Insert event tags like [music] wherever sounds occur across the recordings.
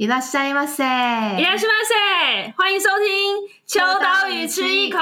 伊拉西瑪塞，伊拉西瑪塞，歡迎收聽秋《秋刀魚吃一口》。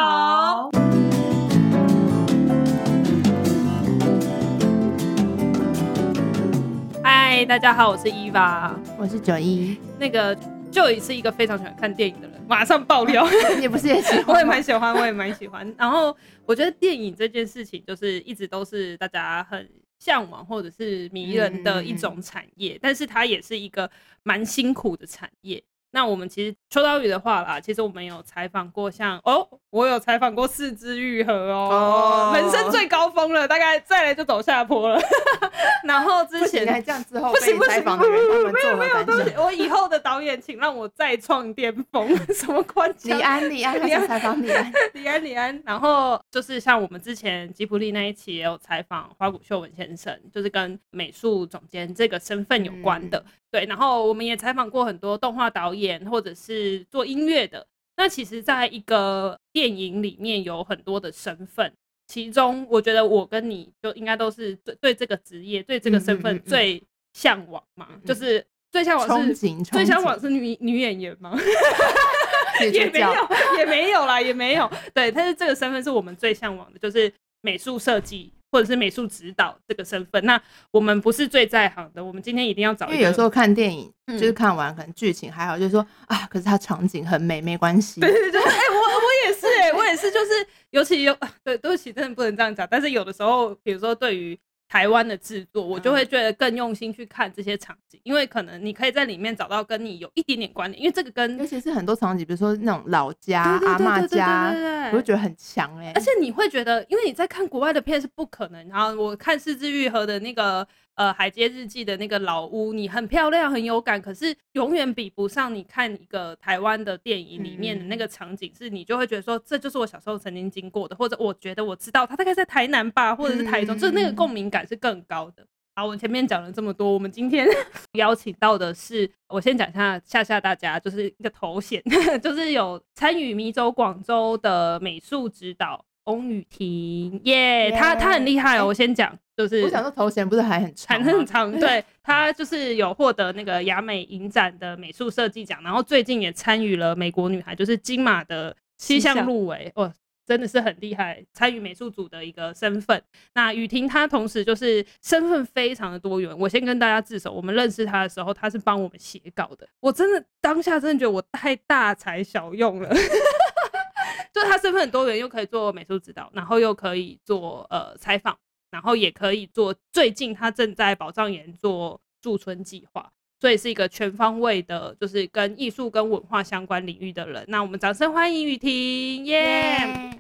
嗨，大家好，我是伊娃，我是 Joy。那個，Joy 是一個非常喜歡看電影的人，馬上爆料，你 [laughs] 不是也喜歡？ [laughs] 我也蠻喜歡，我也蠻喜歡。 [laughs] 然後，我覺得電影這件事情，就是一直都是大家很。嚮往或者是迷人的一種產業，嗯嗯嗯，但是它也是一個蠻辛苦的產業。那我們其實秋刀魚的話啦，其實我們有採訪過像，像哦，我有採訪過是枝裕和哦，哦，人生最高峰了，哦、大概再來就走下坡了。哦、 [laughs] 然後之前還、啊、這樣，之後被採訪不行不行、哦，沒有沒有，都我以後的導演，請讓我再創巔峰。 [laughs] 什麼關？李安，李安，採訪李, [laughs] 李安，李安，李安。然後就是像我們之前吉卜力那一期也有採訪花谷秀文先生，就是跟美術總監這個身份有關的、嗯。對，然後我們也採訪過很多動畫導演。或者是做音樂的，那其實，在一個電影裡面有很多的身份，其中我覺得我跟你就應該都是對這個職業、對這個身份最嚮往嘛、嗯嗯嗯，就是最嚮往是，最嚮往是女女演員嗎？ [laughs] 也沒有，也沒有啦，也沒有。對，但是這個身份是我們最嚮往的，就是美術設計。或者是美術指導這個身份，那我們不是最在行的，我們今天一定要找一個。因為有時候看電影，嗯、就是看完可能劇情還好，就是說啊，可是它場景很美，沒關係。對對對，哎、欸，我我也是，哎，我也是，欸， [laughs] 也是就是尤其有對，對不起，真的不能這樣講。但是有的時候，比如說對於。台灣的製作，我就會覺得更用心去看這些場景，嗯，因為可能你可以在裡面找到跟你有一點點關聯，因為這個跟尤其是很多場景，比如說那種老家，對對對對對對對對，阿嬤家，我就覺得很強欸，而且你會覺得，因為你在看國外的片是不可能，然後我看《四字癒合》的那個。呃，《海街日記》的那個老屋，你很漂亮，很有感，可是永遠比不上你看一個台灣的電影裡面的那個場景，是你就會覺得說，這就是我小時候曾經經過的，或者我覺得我知道它大概在台南吧，或者是台中，就是那個共鳴感是更高的。好，我前面講了這麼多，我們今天 [laughs] 邀請到的是，我先講一下，嚇嚇大家，就是一個頭銜， [laughs] 就是有參與《迷走廣州》的美術指導翁於庭，耶、yeah, yeah.，她她很厲害、哦，我先講。就是我想說頭銜不是還很長還很長，對他就是有獲得那個亞美影展的美術設計獎，然後最近也參與了美國女孩就是金馬的七項入圍，哦，真的是很厲害，參與美術組的一個身份。那於庭她同時就是身份非常的多元，我先跟大家自首，我們認識他的時候，他是幫我們寫稿的，我真的當下真的覺得我太大材小用了， [laughs] 就他身份很多元，又可以做美術指導，然後又可以做呃採訪。然後也可以做，最近他正在寶藏巖做駐村計劃，所以是一個全方位的，就是跟藝術跟文化相關領域的人。那我們掌聲歡迎於庭，耶，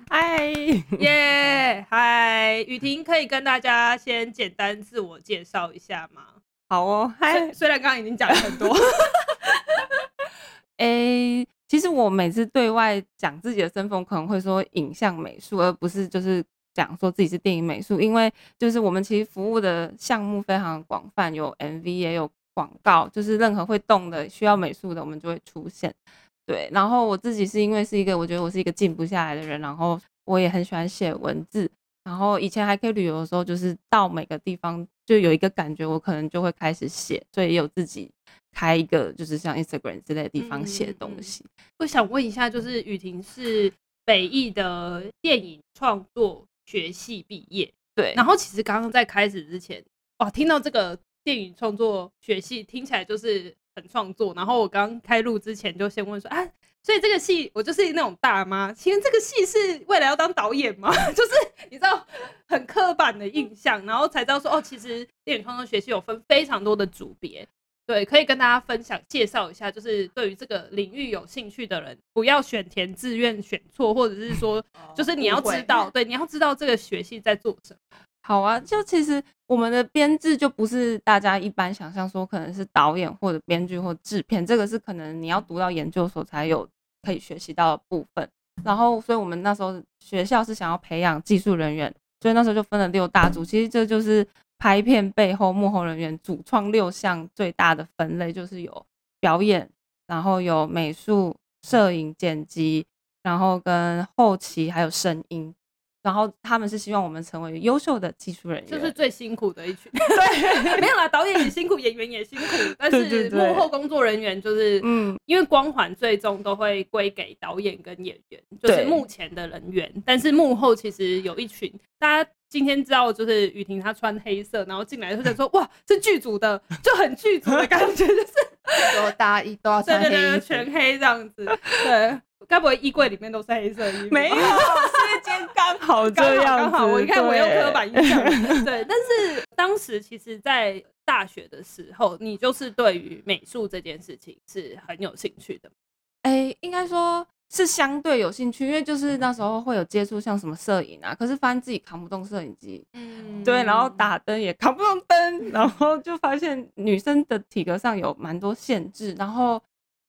嗨，耶，嗨，於庭可以跟大家先簡單自我介紹一下嗎？好哦，嗨，雖然剛剛已經講了很多 [laughs] ，哎、 [laughs] 欸，其實我每次對外講自己的身份，可能會說影像美術，而不是就是。講說自己是電影美術，因為就是我們其實服務的項目非常廣泛，有 MV 也有廣告，就是任何會動的需要美術的，我們就會出現。對，然後我自己是因為是一個我覺得我是一個靜不下來的人，然後我也很喜歡寫文字，然後以前還可以旅遊的時候，就是到每個地方就有一個感覺，我可能就會開始寫，所以也有自己開一個就是像 Instagram 之類的地方寫東西，嗯。我想問一下，就是於庭是北藝的電影創作。學系畢業，對。然後其實剛剛在開始之前，哇，聽到這個電影創作學系聽起來就是很創作。然後我剛開錄之前就先問說，啊，所以這個系我就是那種大媽。其實這個系是未來要當導演嗎？就是你知道很刻板的印象，然後才知道說，哦，其實電影創作學系有分非常多的組別。對，可以跟大家分享介紹一下，就是對於這個領域有興趣的人，不要選填志願選錯，或者是說，就是你要知道、哦，對，你要知道這個學系在做什麼。好啊，就其實我們的編制就不是大家一般想象說，可能是導演或者編劇或製片，這個是可能你要讀到研究所才有可以學習到的部分。然後，所以我們那時候學校是想要培養技術人員，所以那時候就分了六大組，其實這就是。拍片背後幕後人員主創六項最大的分類，就是有表演，然後有美術、攝影、剪輯，然後跟後期還有聲音，然後他們是希望我們成為優秀的技術人員，就是最辛苦的一群。對， [laughs] 沒有啦，導演也辛苦， [laughs] 演員也辛苦，但是幕後工作人員就是，對對對，嗯，因為光環最終都會歸給導演跟演員，就是幕前的人員，但是幕後其實有一群大家。今天知道就是雨婷她穿黑色，然後進來就在說哇，是劇組的，就很劇組的感覺，就是大衣都要穿黑，對對對，全黑這樣子。對，該不會衣櫃裡面都是黑色衣服？沒有，這件剛好， [laughs] 剛好，剛好，剛好這樣子。好，我一看我又刻板印象。對，但是當時其實在大學的時候，你就是對於美術這件事情是很有興趣的。哎、欸，應該說。是相對有興趣，因為就是那時候會有接觸，像什麼攝影啊，可是發現自己扛不動攝影機，嗯，對，然後打燈也扛不動燈，然後就發現女生的體格上有蠻多限制，然後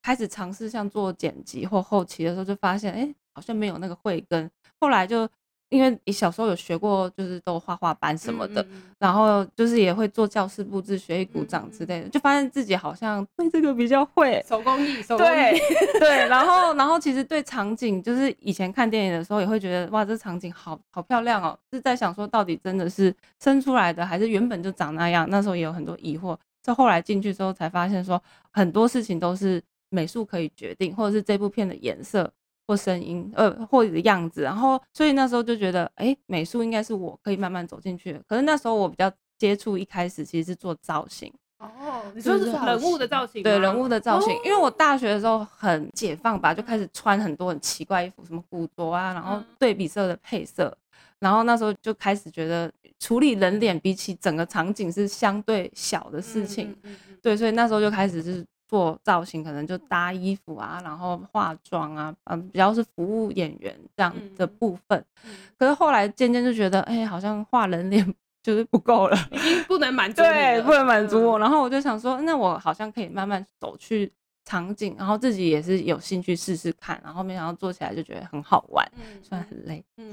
開始嘗試像做剪輯或後期的時候，就發現哎、欸，好像沒有那個慧根，後來就。因為你小時候有學過，就是都畫畫班什麼的，嗯嗯，然後就是也會做教室布置、嗯嗯學藝股長之類的，就發現自己好像對這個比較會手工藝，手工藝對 [laughs] 對。然後，然後其實對場景，就是以前看電影的時候也會覺得， [laughs] 哇，這場景好好漂亮哦，是在想說到底真的是生出來的，還是原本就長那樣？那時候也有很多疑惑。這後來進去之後才發現，說很多事情都是美術可以決定，或者是這部片的顏色。或聲音，呃，或者樣子，然後，所以那時候就覺得，哎，美術應該是我可以慢慢走進去。可是那時候我比較接觸，一開始其實是做造型，哦，你說是人物的造型，對，人物的造型，哦。因為我大學的時候很解放吧，就開始穿很多很奇怪衣服，什麼古着啊，然後對比色的配色，嗯，然後那時候就開始覺得處理人臉比起整個場景是相對小的事情，嗯嗯嗯嗯，對，所以那時候就開始，就是。做造型，可能就搭衣服啊，然後化妝啊，嗯，比較是服務演員這樣的部分。嗯、可是後來漸漸就覺得，哎、欸，好像畫人臉就是不夠了，已經、欸、不能滿足，對，不能滿足我、嗯。然後我就想說，那我好像可以慢慢走去場景，然後自己也是有興趣試試看。然後沒想到做起來就覺得很好玩，雖然、嗯、很累，嗯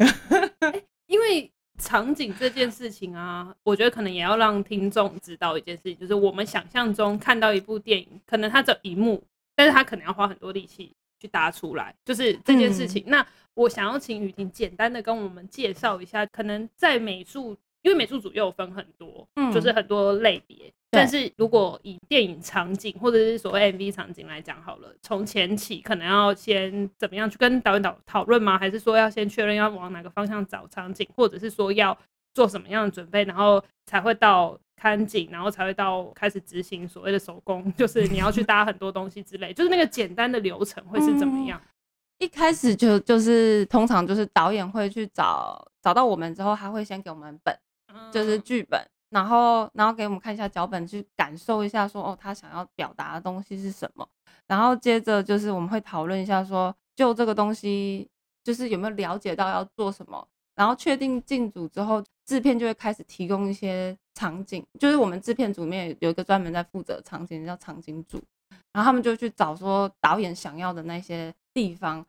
欸、因為。場景這件事情啊，我覺得可能也要讓聽眾知道一件事情，就是我們想象中看到一部電影，可能它只有一幕，但是它可能要花很多力氣去搭出來，就是這件事情、嗯。那我想要請雨婷簡單的跟我們介紹一下，可能在美術，因為美術組又分很多、嗯，就是很多類別。但是如果以電影場景或者是所謂 MV 場景來講好了，從前期可能要先怎麼樣去跟導演導討論嗎？還是說要先確認要往哪個方向找場景，或者是說要做什麼樣的準備，然後才會到看景，然後才會到開始執行所謂的手工，就是你要去搭很多東西之類， [laughs] 就是那個簡單的流程會是怎麼樣？嗯、一開始就就是通常就是導演會去找找到我們之後，他會先給我們本，嗯、就是劇本。然後，然後給我們看一下腳本，去感受一下說，說哦，他想要表達的東西是什麼。然後接着就是我們會討論一下說，說就這個東西，就是有沒有了解到要做什麼。然後確定進組之後，製片就會開始提供一些場景，就是我們製片組裡面有一個專門在負責的場景，叫場景組。然後他們就去找說導演想要的那些地方，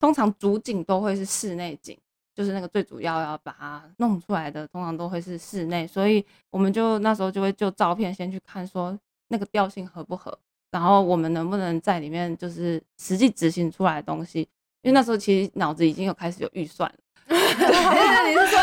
通常主景都會是室內景。就是那個最主要要把它弄出來的，通常都會是室內，所以我們就那時候就會就照片先去看，說那個調性合不合，然後我們能不能在裡面就是實際執行出來的東西，因為那時候其實腦子已經有開始有預算了。你是說，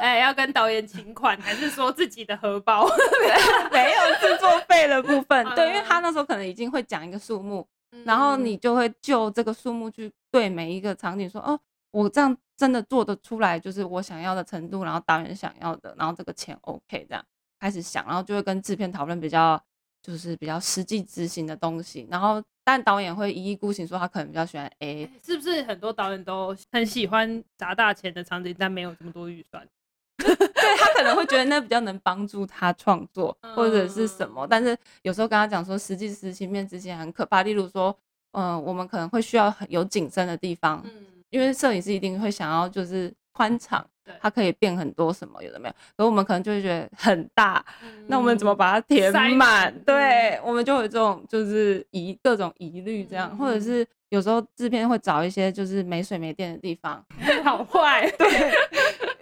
哎，要跟導演請款，還是說自己的荷包？ [laughs] [laughs] 沒有製作費的部分、 [laughs] 嗯，對，因為他那時候可能已經會講一個數目、嗯，然後你就會就這個數目去對每一個場景說，哦。我這樣真的做得出來，就是我想要的程度，然後導演想要的，然後這個錢 OK 這樣開始想，然後就會跟制片討論比較就是比較實際執行的東西，然後但導演會一意孤行，說他可能比較喜歡 A，是不是很多導演都很喜歡砸大錢的場景？但沒有這麼多預算， [laughs] 對，他可能會覺得那比較能幫助他創作或者是什麼、嗯，但是有時候跟他講說實際執行面之前很可怕，例如說嗯、呃、我們可能會需要很有景深的地方。嗯因為攝影師一定會想要就是寬敞，它可以變很多什麼，有的沒有。所以我們可能就會覺得很大，嗯、那我們怎麼把它填滿？對、嗯，我們就會有這種就是疑各種疑慮這樣、嗯，或者是有時候制片會找一些就是沒水沒電的地方，嗯、好壞。對，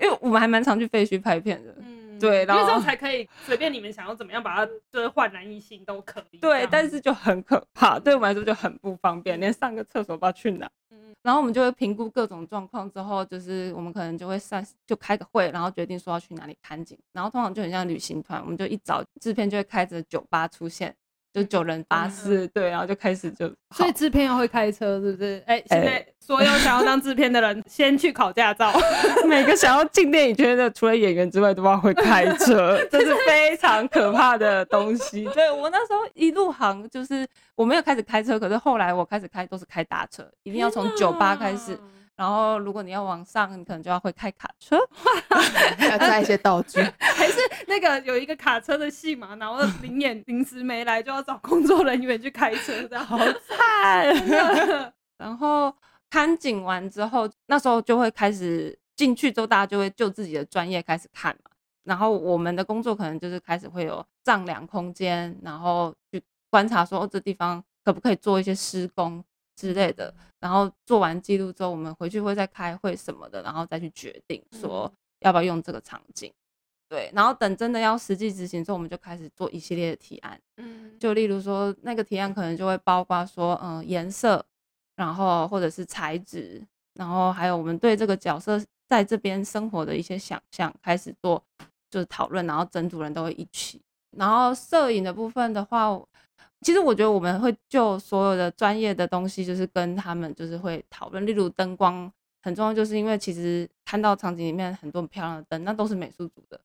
因為我們還蠻常去廢墟拍片的。嗯對，然後才可以隨便你們想要怎麼樣，把它就是煥然一新都可以。對，但是就很可怕，對我們來說就很不方便，連上個廁所都不知道去哪？嗯嗯。然後我們就會評估各種狀況之後，就是我們可能就會上就開個會，然後決定說要去哪裡看景。然後通常就很像旅行團，我們就一早制片就會開着酒吧出現。就九人巴士、嗯，對，然後就開始就，所以制片要會開車，是不是？哎、欸，現在所有想要當制片的人，先去考駕照。欸、 [laughs] [laughs] 每個想要進電影圈的，除了演員之外，都要會開車， [laughs] 這是非常可怕的東西。 [laughs] 對，我那時候一入行就是我沒有開始開車，可是後來我開始開都是開大車、啊，一定要從九巴開始。然後，如果你要往上，你可能就要會開卡車， [laughs] [laughs] 要帶一些道具， [laughs] 還是那個有一個卡車的戲嘛？然後臨演，臨 [laughs] 時沒來，就要找工作人員去開車這樣，這好慘。然後看景完之後，那時候就會開始進去之後，大家就會就自己的專業開始看嘛。然後我們的工作可能就是開始會有丈量空間，然後去觀察說，哦，這地方可不可以做一些施工。之類的，然後做完記錄之後，我們回去會再開會什麼的，然後再去決定說要不要用這個場景，嗯、對。然後等真的要實際執行之後，我們就開始做一系列的提案，嗯，就例如說那個提案可能就會包括說，嗯、呃，顏色，然後或者是材質，然後還有我們對這個角色在這邊生活的一些想象，開始做就是討論，然後整組人都會一起。然後攝影的部分的話，其實我覺得我們會就所有的專業的東西，就是跟他們就是會討論。例如燈光很重要，就是因為其實看到場景裡面很多很漂亮的燈，那都是美術組的，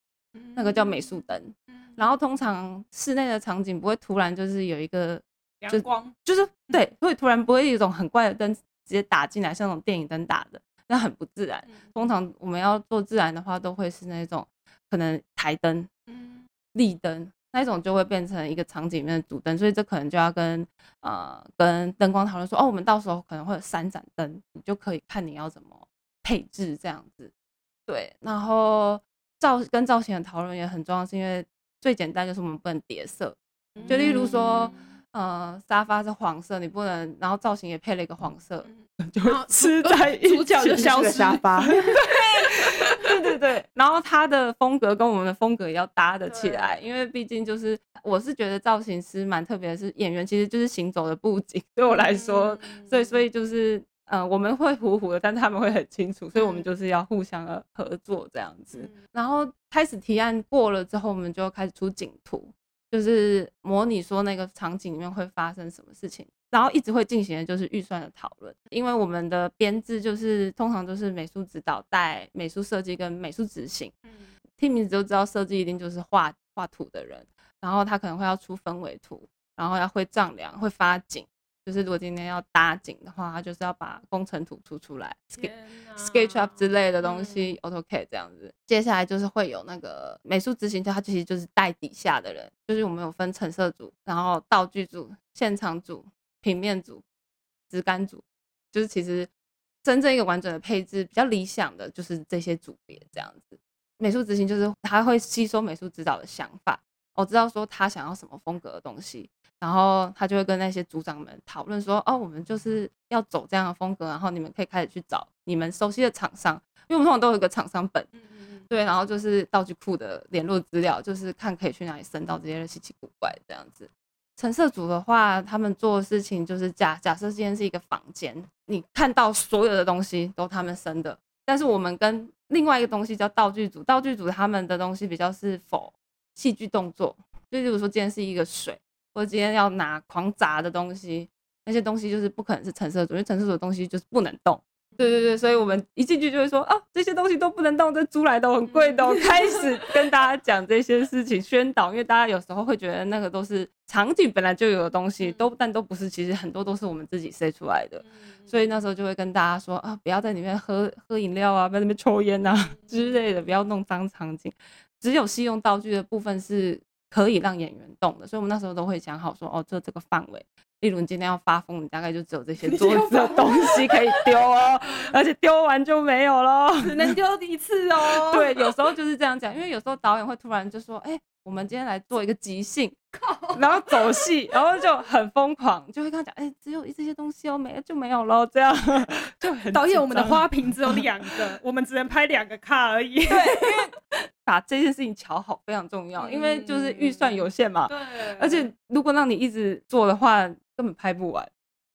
那個叫美術燈。嗯、然後通常室內的場景不會突然就是有一個陽光，就、就是對，會突然不會有一種很怪的燈直接打進來，像那種電影燈打的，那很不自然。嗯、通常我們要做自然的話，都會是那種可能台燈、嗯，立燈。那種就會變成一個場景裡面的主燈，所以這可能就要跟、呃、跟燈光討論說，哦，我們到時候可能會有三盞燈，你就可以看你要怎麼配置這樣子。對，然後造跟造型的討論也很重要，是因為最簡單就是我們不能疊色、嗯，就例如說，呃，沙發是黃色，你不能，然後造型也配了一個黃色， [laughs] 就吃在 [laughs] 主角就消失。 [laughs] [laughs] [laughs] 對對對，然後他的風格跟我們的風格也要搭得起來，因為畢竟就是我是覺得造型師蠻特別的是演員其實就是行走的布景，對我來說，所以所以就是呃我們會糊糊的，但他們會很清楚，所以我們就是要互相的合作這樣子，然後開始提案過了之後，我們就開始出景圖。就是模擬說那個場景裡面會發生什麼事情，然後一直會進行的就是預算的討論。因為我們的編制就是通常都是美術指導帶美術設計跟美術執行，嗯，聽名字就知道設計一定就是畫畫圖的人，然後他可能會要出氛圍圖，然後要會丈量，會發景。就是如果今天要搭景的話，他就是要把工程圖出出來，SketchUp 之類的東西、嗯、，AutoCAD 這樣子。接下來就是會有那個美術執行，他其實就是帶底下的人，就是我們有分成色組，然後道具組、現場組、平面組、質感組，就是其實真正一個完整的配置比較理想的就是這些組別這樣子。美術執行就是他會吸收美術指導的想法，我知道說他想要什麼風格的東西。然後他就會跟那些組長們討論說：“哦，我們就是要走這樣的風格，然後你們可以開始去找你們熟悉的廠商，因為我們通常都有一個廠商本，對。然後就是道具庫的聯絡資料，就是看可以去哪裡生到這些稀奇古怪這樣子。陳設組的話，他們做的事情就是假假設今天是一個房間，你看到所有的東西都他們生的，但是我們跟另外一個東西叫道具組，道具組他們的東西比較是否戲劇動作。就比如說今天是一個水。”我今天要拿狂砸的東西，那些東西就是不可能是陳設組，因為陳設組的東西就是不能動。對對對，所以我們一進去就會說啊，這些東西都不能動，這租來的很貴的。嗯、 [laughs] 我開始跟大家講這些事情宣導，因為大家有時候會覺得那個都是場景本來就有的東西，都但都不是，其實很多都是我們自己塞出來的、嗯。所以那時候就會跟大家說啊，不要在裡面喝喝飲料啊，在那邊抽菸啊之類的，不要弄髒場景。只有戲用道具的部分是可以讓演員動的，所以我們那時候都會想好說，哦，這這個範圍，例如你今天要發瘋，你大概就只有這些桌子的東西可以丟哦， [laughs] 而且丟完就沒有了，只能丟一次哦。 [laughs] 對，有時候就是這樣講，因為有時候導演會突然就說，哎、欸，我們今天來做一個即興。 [laughs] 然後走戲，然後就很瘋狂，就會跟他講，哎、欸，只有這些東西哦，沒就沒有嘍，這樣。就 [laughs] 導演我們的花瓶只有兩個， [laughs] 我們只能拍兩個卡而已。對，把這件事情喬好非常重要，嗯、因為就是預算有限嘛、嗯嗯。對。而且如果讓你一直做的話，根本拍不完。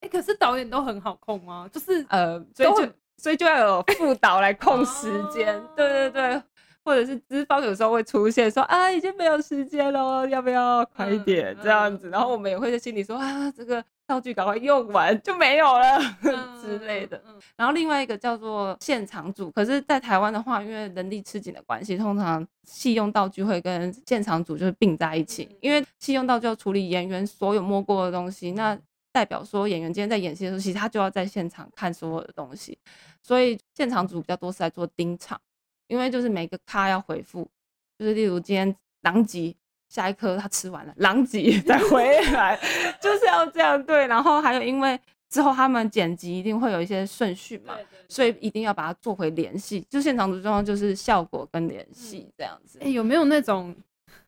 哎、欸，可是導演都很好控啊，就是呃，所以就所以就要有副導來控時間、啊。對對對。或者是資方有時候會出現說啊，已經沒有時間了，要不要快一點這樣子？嗯嗯、然後我們也會在心裡說啊，這個道具趕快用完就沒有了、嗯嗯、之類的、嗯嗯嗯。然後另外一個叫做現場組，可是，在台灣的話，因為人力吃緊的關係，通常戲用道具會跟現場組就是並在一起。嗯、因為戲用道具要處理演員所有摸過的東西，那代表說演員今天在演戲的時候，其實他就要在現場看所有的東西，所以現場組比較多是在做盯場。因為就是每個卡要回復，就是例如今天狼藉，下一顆他吃完了狼藉再回來， [laughs] 就是要這樣對。然後還有因為之後他們剪輯一定會有一些順序嘛，對對對，所以一定要把它做回連戲。就現場的狀況就是效果跟連戲、嗯、這樣子。哎，有沒有那種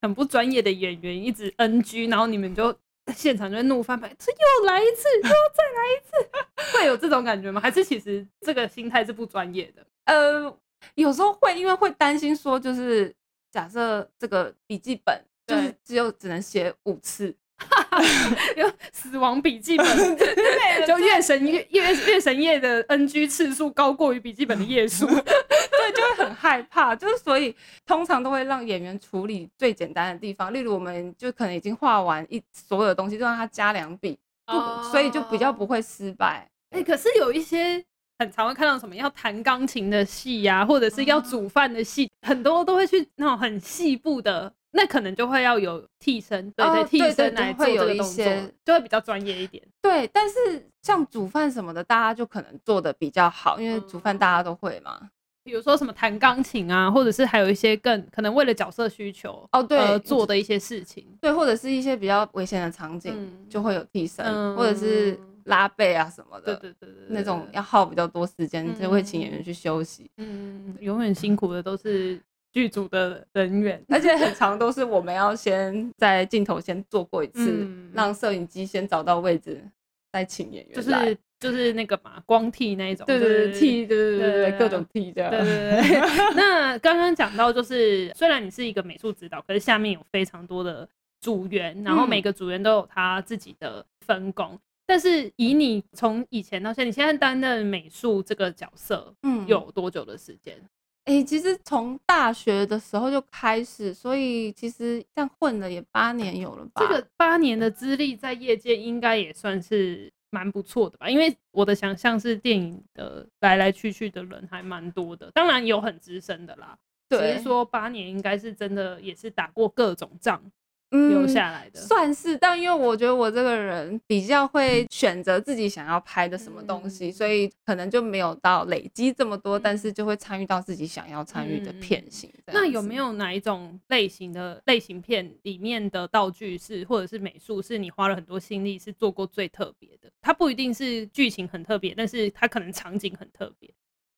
很不專業的演員一直 NG，然後你們就現場就怒翻白，這又來一次，又再來一次， [laughs] 會有這種感覺嗎？還是其實這個心態是不專業的？ [laughs] 呃。有時候會，因為會擔心說，就是假設這個筆記本就是只有只能寫五次，哈 [laughs] 因為死亡筆記本 [laughs] [laughs] 就月神月月月神夜的 NG 次數高過於筆記本的頁數，對，就會很害怕，就是所以通常都會讓演員處理最簡單的地方，例如我們就可能已經畫完一所有的東西，就讓他加兩筆，不，所以就比較不會失敗。哎，可是有一些。很常會看到什麼要彈鋼琴的戲呀、啊，或者是要煮飯的戲、嗯，很多都會去那種很細部的，那可能就會要有替身，對對，哦、對對替身來做這個動作，就會有一些就會比較專業一點。對，但是像煮飯什麼的，大家就可能做的比較好，因為煮飯大家都會嘛、嗯。比如說什麼彈鋼琴啊，或者是還有一些更可能為了角色需求哦，對，而做的一些事情、哦對，對，或者是一些比較危險的場景，嗯、就會有替身，嗯、或者是。拉背啊什麼的，對，對對對對，那種要耗比較多時間、嗯，就會請演員去休息。嗯，永遠辛苦的都是劇組的人員，而且很常都是我們要先在鏡頭先做過一次，嗯、讓攝影機先找到位置，嗯、再請演員。就是就是那個嘛，光替那一種、就是。對對對，替對對對各種替這樣。對，對，對，對，對， [laughs] 那剛剛講到就是，雖然你是一個美術指導，可是下面有非常多的組員，然後每個組員都有他自己的分工。嗯但是以你從以前到現在，你現在擔任美術這個角色，嗯，有多久的時間？誒、欸，其實從大學的時候就開始，所以其實像混了也八年有了吧。這個八年的資歷在業界應該也算是蠻不錯的吧。因為我的想象是電影的來來去去的人還蠻多的，當然有很資深的啦。對，只是說八年應該是真的也是打過各種仗。嗯、留下來的算是，但因為我覺得我這個人比較會選擇自己想要拍的什麼東西，嗯、所以可能就沒有到累積這麼多、嗯，但是就會參與到自己想要參與的片型、嗯。那有沒有哪一種類型的類型片裡面的道具是或者是美術是你花了很多心力是做過最特別的？它不一定是劇情很特別，但是它可能場景很特別。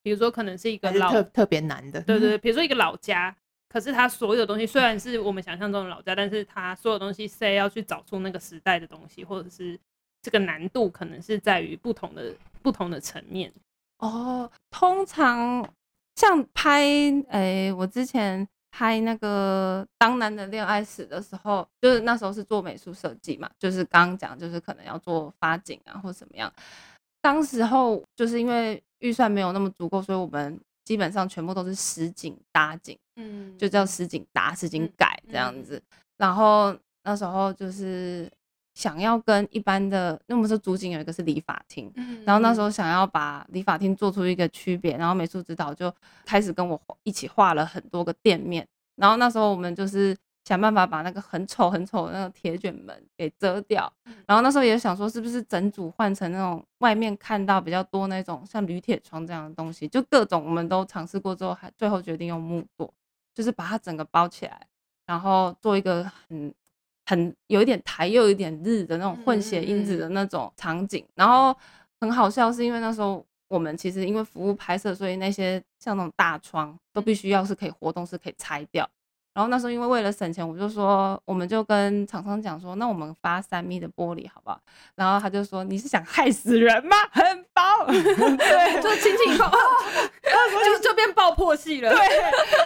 比如說，可能是一個老特別難的，對，對對，比如說一個老家。嗯可是它所有東西雖然是我們想象中的老家，但是它所有東西是要去找出那個時代的東西，或者是這個難度可能是在於不同的不同的層面哦。通常像拍誒、欸，我之前拍那個《當男人戀愛時》的時候，就是那時候是做美術設計嘛，就是剛剛講，就是可能要做發景啊或怎麼樣。當時候就是因為預算沒有那麼足夠，所以我們。基本上全部都是實景搭景，嗯，就叫實景搭、實景改這樣子，嗯嗯。然後那時候就是想要跟一般的，那我們說主景有一個是理髮廳，嗯，然後那時候想要把理髮廳做出一個區別，然後美術指導就開始跟我一起畫了很多個店面。然後那時候我們就是。想辦法把那個很醜很醜的那種鐵捲門給遮掉，然後那時候也想說是不是整組換成那種外面看到比較多那種像鋁鐵窗這樣的東西，就各種我們都嘗試過之後，還最後決定用木做，就是把它整個包起來，然後做一個很很有一點台又有一點日的那種混血因子的那種場景。然後很好笑是因為那時候我們其實因為服務拍攝，所以那些像那種大窗都必須要是可以活動，是可以拆掉。然後那時候，因為為了省錢，我就說，我們就跟廠商講說，那我們發三米的玻璃好不好？然後他就說，你是想害死人嗎？很薄。 [laughs] 對，就輕輕一碰 [laughs] 就，就變爆破戲了。 [laughs] 對，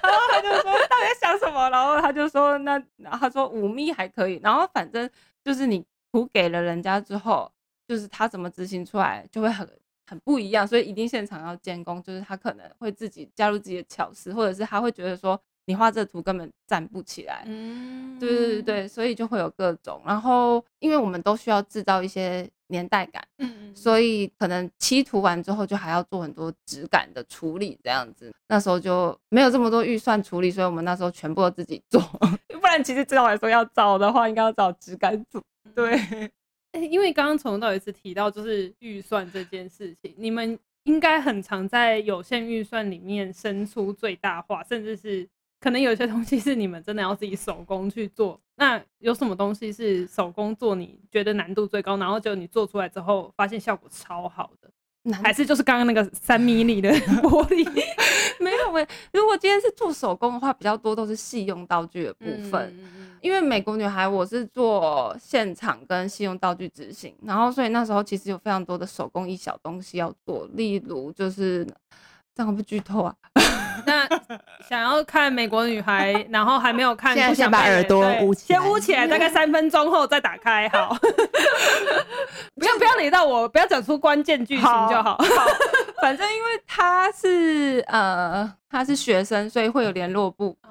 然後他就說， [laughs] 到底在想什麼？然後他就說，那然後他說五米還可以，然後反正就是你圖給了人家之後，就是他怎麼執行出來就會很很不一樣，所以一定現場要監工，就是他可能會自己加入自己的巧思，或者是他會覺得說。你畫這圖根本站不起來，嗯，對對對，所以就會有各種，然後因為我們都需要製造一些年代感，嗯，嗯，所以可能漆塗完之後就還要做很多質感的處理，這樣子。那時候就沒有這麼多預算處理，所以我們那時候全部都自己做，不然其實至少來說要找的話，應該要找質感組，對，欸，因為剛剛從頭到尾一直提到就是預算這件事情，你們應該很常在有限預算裡面生出最大化，甚至是。可能有些東西是你們真的要自己手工去做。那有什麼東西是手工做，你覺得難度最高，然後就你做出來之後發現效果超好的，還是就是剛剛那個 3mm 的玻璃？ [laughs] [laughs] 沒有誒，如果今天是做手工的話，比較多都是戲用道具的部分，嗯。因為美國女孩，我是做現場跟戲用道具執行，然後所以那時候其實有非常多的手工藝小東西要做，例如就是這樣不劇透啊。 [laughs] 那想要看美國女孩，然後還沒有看，現在想把耳朵捂起來，先捂起來，大概三分鐘後再打開。 [laughs] 好，不 [laughs] 要不要雷到我，不要講出關鍵劇情就好。好好 [laughs] 反正因為她是呃，她是學生，所以會有聯絡簿，哦。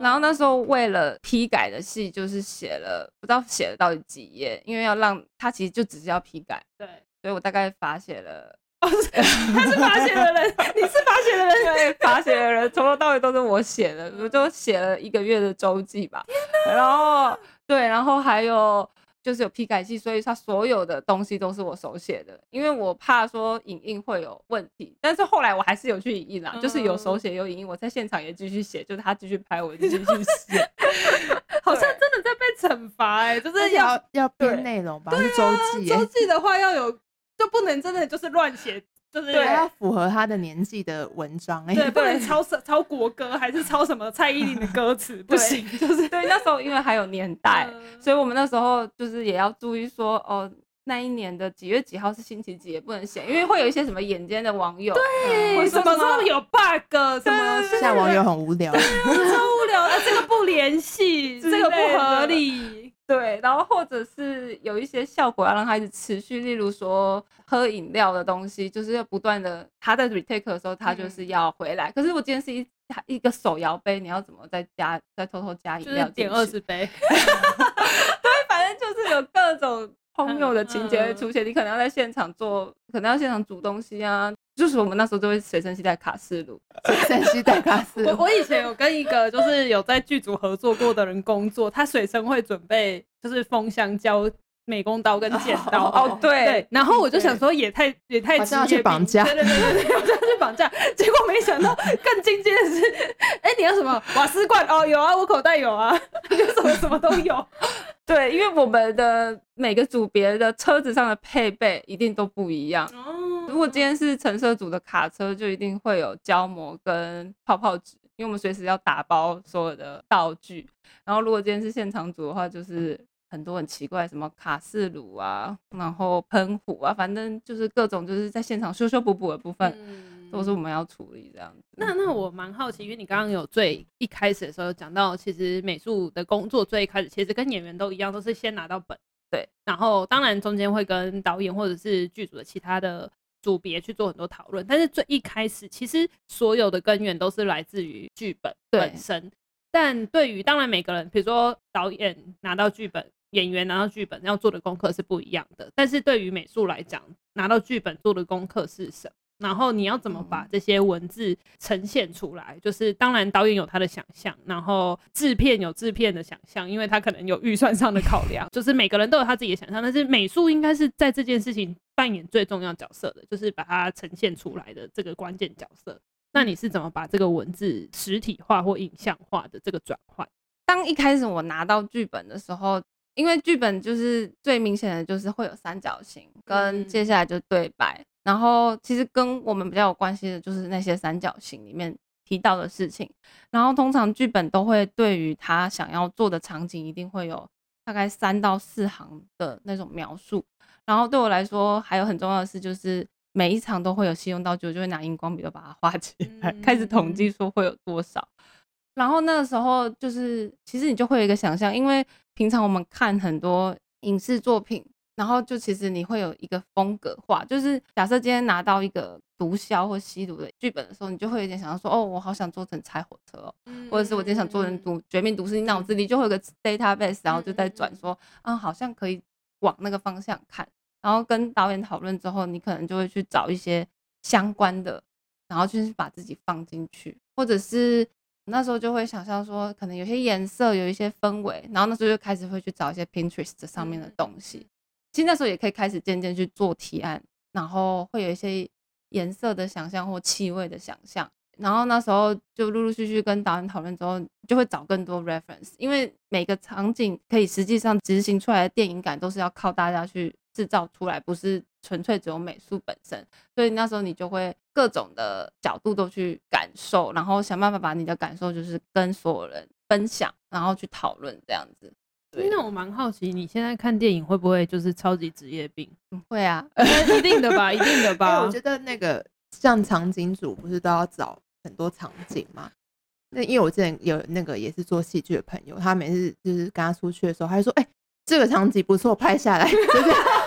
然後那時候為了批改的戲，就是寫了不知道寫了到底幾頁，因為要讓他其實就只是要批改。對，所以我大概罰寫了。 [laughs] 他是罰寫的人， [laughs] 你是罰寫的人，我也 [laughs] 罰寫的人，從頭到尾都是我寫的，我就寫了一個月的週記吧。啊、然後對，然後還有就是有批改器，所以他所有的東西都是我手寫的，因為我怕說影印會有問題。但是後來我還是有去影印啦，嗯、就是有手寫有影印，我在現場也繼續寫，就是他繼續拍，我就繼續寫 [laughs] 。好像真的在被懲罰哎，就是要要編內容吧？週、啊、記、欸，週記的話要有。就不能真的就是亂寫，就是對對，要符合他的年紀的文章，欸。對， [laughs] 不能抄抄國歌，還是抄什麼蔡依林的歌詞， [laughs] 不行。就是對那時候，因為還有年代、 [laughs] 嗯，所以我們那時候就是也要注意說，哦，那一年的幾月幾號是星期幾，也不能寫，因為會有一些什麼眼尖的網友。對，嗯、什麼時候有 bug？什麼現在網友很無聊，超 [laughs] [laughs] 無聊的，這個不聯繫，這個不合理。對，然後或者是有一些效果要讓他一直持續，例如說喝飲料的東西，就是要不斷的。他在 retake 的時候，他就是要回來。嗯、可是我今天是一一個手搖杯，你要怎麼再加再偷偷加飲料？就是、點二十杯， [laughs] [laughs] 對，反正就是有各種。荒謬的情節會出現，你可能要在現場做，可能要在現場煮東西啊。就是我們那時候就會隨身攜帶卡式爐，隨身攜帶卡式爐。 [laughs] [laughs] 我以前有跟一個就是有在劇組合作過的人工作，他隨身會準備就是封箱膠。美工刀跟剪刀哦、oh, oh, oh,，對，然後我就想說也太也太直接綁架。對對對，我要去綁架。 [laughs] 結果沒想到更精尖的是，哎， [laughs] 你要什麼瓦斯罐？哦，有啊，我口袋有啊， [laughs] 就什麼什麼都有。 [laughs] 對，因為我們的每個組別的車子上的配備一定都不一樣。Oh. 如果今天是陳設組的卡車，就一定會有膠膜跟泡泡紙，因為我們隨時要打包所有的道具。然後如果今天是現場組的話，就是。很多很奇怪，什麼卡式爐啊，然後噴壺啊，反正就是各種就是在現場修修補補的部分，嗯，都是我們要處理這樣。那那我蠻好奇，因為你剛剛有最一開始的時候講到，其實美術的工作最一開始其實跟演員都一樣，都是先拿到本，對。然後當然中間會跟導演或者是劇組的其他的組別去做很多討論，但是最一開始其實所有的根源都是來自於劇本本身。對。但對於當然每個人，比如說導演拿到劇本。演員拿到劇本要做的功課是不一樣的，但是對於美術來講，拿到劇本做的功課是什麼？然後你要怎麼把這些文字呈現出來？就是當然導演有他的想象，然後制片有制片的想象，因為他可能有預算上的考量，就是每個人都有他自己的想象。 [laughs] 但是美術應該是在這件事情扮演最重要角色的，就是把它呈現出來的這個關鍵角色。那你是怎麼把這個文字實體化或影像化的這個轉換？當一開始我拿到劇本的時候。因為劇本就是最明顯的就是會有三角形，跟接下來就對白，然後其實跟我們比較有關係的就是那些三角形裡面提到的事情，然後通常劇本都會對於他想要做的場景一定會有大概三到四行的那種描述，然後對我來說還有很重要的是就是每一場都會有戲用道具，我就會拿熒光筆都把它畫起來，開始統計說會有多少。然後那個時候就是，其實你就會有一個想象，因為平常我們看很多影視作品，然後就其實你會有一個風格化，就是假設今天拿到一個毒梟或吸毒的劇本的時候，你就會有點想要說，哦，我好想做成猜火車哦，或者是我今天想做成毒絕命毒師，你腦子裡就會有個 database，然後就在轉說，啊，好像可以往那個方向看，然後跟導演討論之後，你可能就會去找一些相關的，然後就是把自己放進去，或者是。那時候就會想象說，可能有些顏色，有一些氛圍，然後那時候就開始會去找一些 Pinterest 上面的東西。其實那時候也可以開始漸漸去做提案，然後會有一些顏色的想象或氣味的想象，然後那時候就陸陸續續跟導演討論之後，就會找更多 reference，因為每個場景可以實際上執行出來的電影感都是要靠大家去。製造出來，不是純粹只有美術本身，所以那時候你就會各種的角度都去感受，然後想辦法把你的感受就是跟所有人分享，然後去討論這樣子。嗯、那我蠻好奇，你現在看電影會不會就是超級職業病？會啊，一定的吧，一定的吧。 [laughs] 的吧欸、我覺得那個像場景組不是都要找很多場景嘛，那因為我之前有那個也是做戲劇的朋友，他每次就是跟他出去的時候，他就說：“哎、欸，這個場景不錯，拍下來。就是.” [laughs]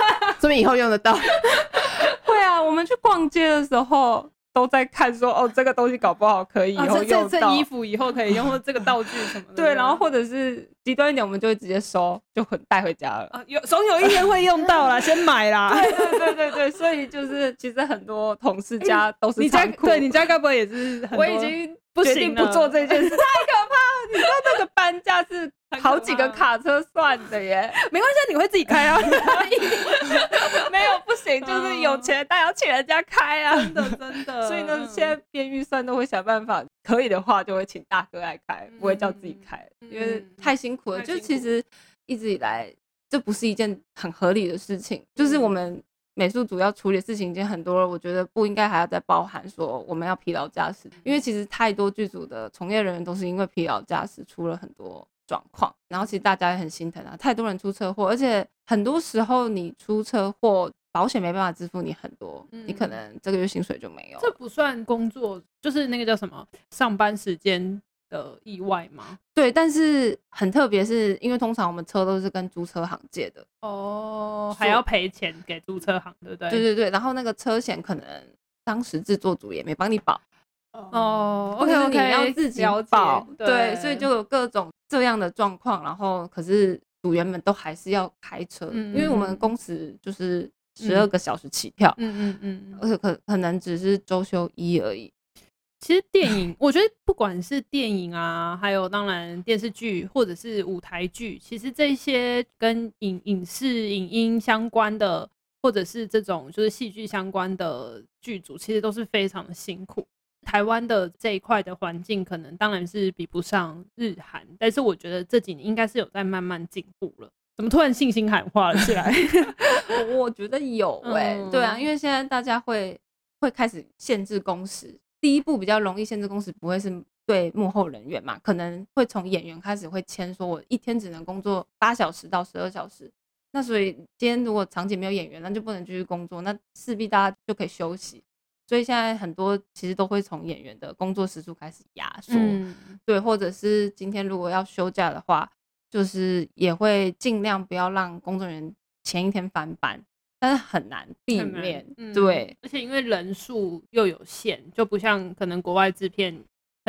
所以以後用得到， [laughs] 會啊！我們去逛街的時候 [laughs] 都在看說，說哦，這個東西搞不好可以以後用到。啊、這這這這衣服以後可以用， [laughs] 或者這個道具什麼的。對，然後或者是 [laughs] 極端一點，我們就會直接收，就很帶回家了。啊，有總有一天會用到啦， [laughs] 先買啦。對，對對對對對，所以就是其實很多同事家都是倉庫，對、欸、你，你家該不會也是？我已經。不行，不做這件事，太可怕了。你說這個搬家是好幾個卡車算的耶。沒關係，你會自己開啊？ [laughs] [laughs] [laughs] 沒有，不行，就是有錢但要請人家開啊。 [laughs] 真的，真的。所以呢，現在編預算都會想辦法，可以的話就會請大哥來開，不會叫自己開，嗯，因為太辛苦了。就其實一直以來，這不是一件很合理的事情，就是我們。美術主要處理的事情已經很多了，我覺得不應該還要再包含說，我們要疲勞駕駛，因為其實太多劇組的從業人員都是因為疲勞駕駛出了很多狀況，然後其實大家也很心疼啊，太多人出車禍，而且很多時候你出車禍，保險沒辦法支付你很多，你可能這個月薪水就沒有了。嗯，這不算工作，就是那個叫什麼上班時間的意外嗎？對，但是很特別，是因為通常我們車都是跟租車行借的哦、oh,，還要賠錢給租車行，對不對？對對對，然後那個車險可能當時製作組也沒幫你保哦、oh,，OK OK，你要自己要保對，對，所以就有各種這樣的狀況。然後可是組員們都還是要開車，mm -hmm. 因為我們工時就是十二個小時起跳，嗯嗯嗯，而且可可能只是週休一而已。其實電影， [laughs] 我覺得不管是電影啊，還有當然電視劇或者是舞台劇，其實這些跟影影視、影音相關的，或者是這種就是戲劇相關的劇組，其實都是非常的辛苦。台灣的這一塊的環境，可能當然是比不上日韓，但是我覺得這幾年應該是有在慢慢進步了。怎麼突然信心喊話了起來？ [laughs] 我覺得有哎、欸，嗯，對啊，因為現在大家會會開始限制工時。第一步比較容易限制公司，不會是對幕後人員嘛？可能會從演員開始會簽，說我一天只能工作八小時到十二小時。那所以今天如果場景沒有演員，那就不能繼續工作，那勢必大家就可以休息。所以現在很多其實都會從演員的工作時數開始壓縮，對，或者是今天如果要休假的話，就是也會盡量不要讓工作人員前一天翻班。但是很難避免，嗯，對，而且因為人數又有限，就不像可能國外制片，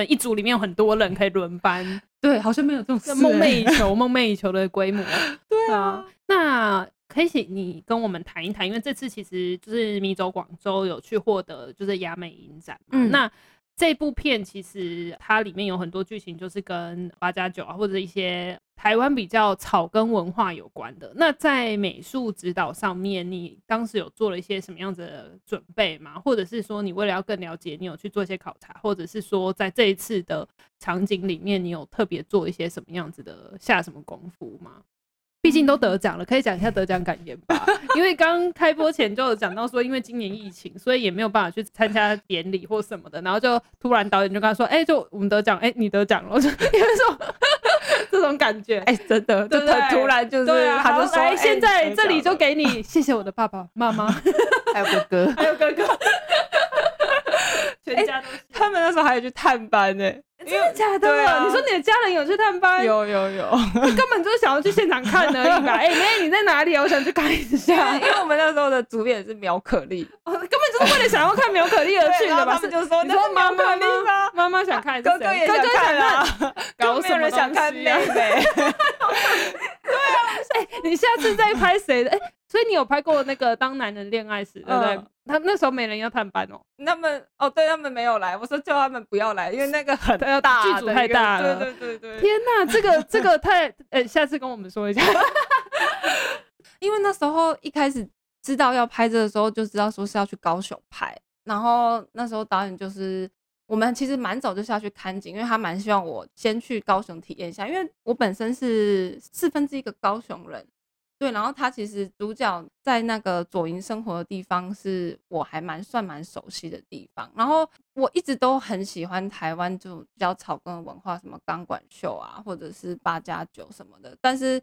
一組裡面有很多人可以輪班， [laughs] 對，好像沒有這種夢、欸、寐以求，夢寐以求的規模， [laughs] 對啊。啊那可以請你跟我們談一談，因為這次其實就是迷走廣州有去獲得就是亞美影展，嗯，那。這部片其實它裡面有很多劇情，就是跟八加九啊，或者一些台灣比較草根文化有關的。那在美術指導上面，你當時有做了一些什麼樣子的準備嗎？或者是說，你為了要更了解，你有去做一些考察，或者是說，在這一次的場景裡面，你有特別做一些什麼樣子的下什麼功夫嗎？畢竟都得獎了，可以講一下得獎感言吧。因為剛開播前就有講到說，因為今年疫情，所以也沒有辦法去參加典禮或什麼的。然後就突然導演就跟他說：“哎、欸，就我們得獎，哎、欸，你得獎了。就”因為說 [laughs] 這種感覺，哎、欸，真的，對對對，就突然就是對、啊、他就說、欸：“現在這裡就給你，謝謝我的爸爸媽媽， [laughs] 還有哥哥，還有哥哥， [laughs] 全家都。欸”他們那時候還有去探班呢、欸。欸、真的假的、啊？你說你的家人有去探班？有有有，我根本就是想要去現場看而已吧？哎、 [laughs] 欸，妹你在哪裡，我想去看一下。因為我們那時候的主演是苗可麗、哦，根本就是為了想要看苗可麗而去的嘛。 [laughs] 就說：“是 [laughs] 你說媽媽媽媽想看，哥哥也想看、啊，都想、啊、沒有人想看妹妹。 [laughs] 對”對啊、欸，你下次再拍誰的？哎、欸，所以你有拍過那個《當男人戀愛時》，對不對？嗯、他那時候沒人要探班哦、喔。他們哦，對他們沒有來，我說叫他們不要來，因為那個很。要大，啊，劇組太大了。對對對對，對，天哪，這個這個太……哎，下次跟我們說一下。 [laughs] 因為那時候一開始知道要拍這的時候，就知道說是要去高雄拍。然後那時候導演就是我們，其實蠻早就下去看景，因為他蠻希望我先去高雄體驗一下，因為我本身是四分之一個高雄人。對，然後他其實主角在那個左營生活的地方是我還蠻算蠻熟悉的地方，然後我一直都很喜歡台灣就比較草根的文化，什麼鋼管秀啊，或者是 8+9 什麼的，但是。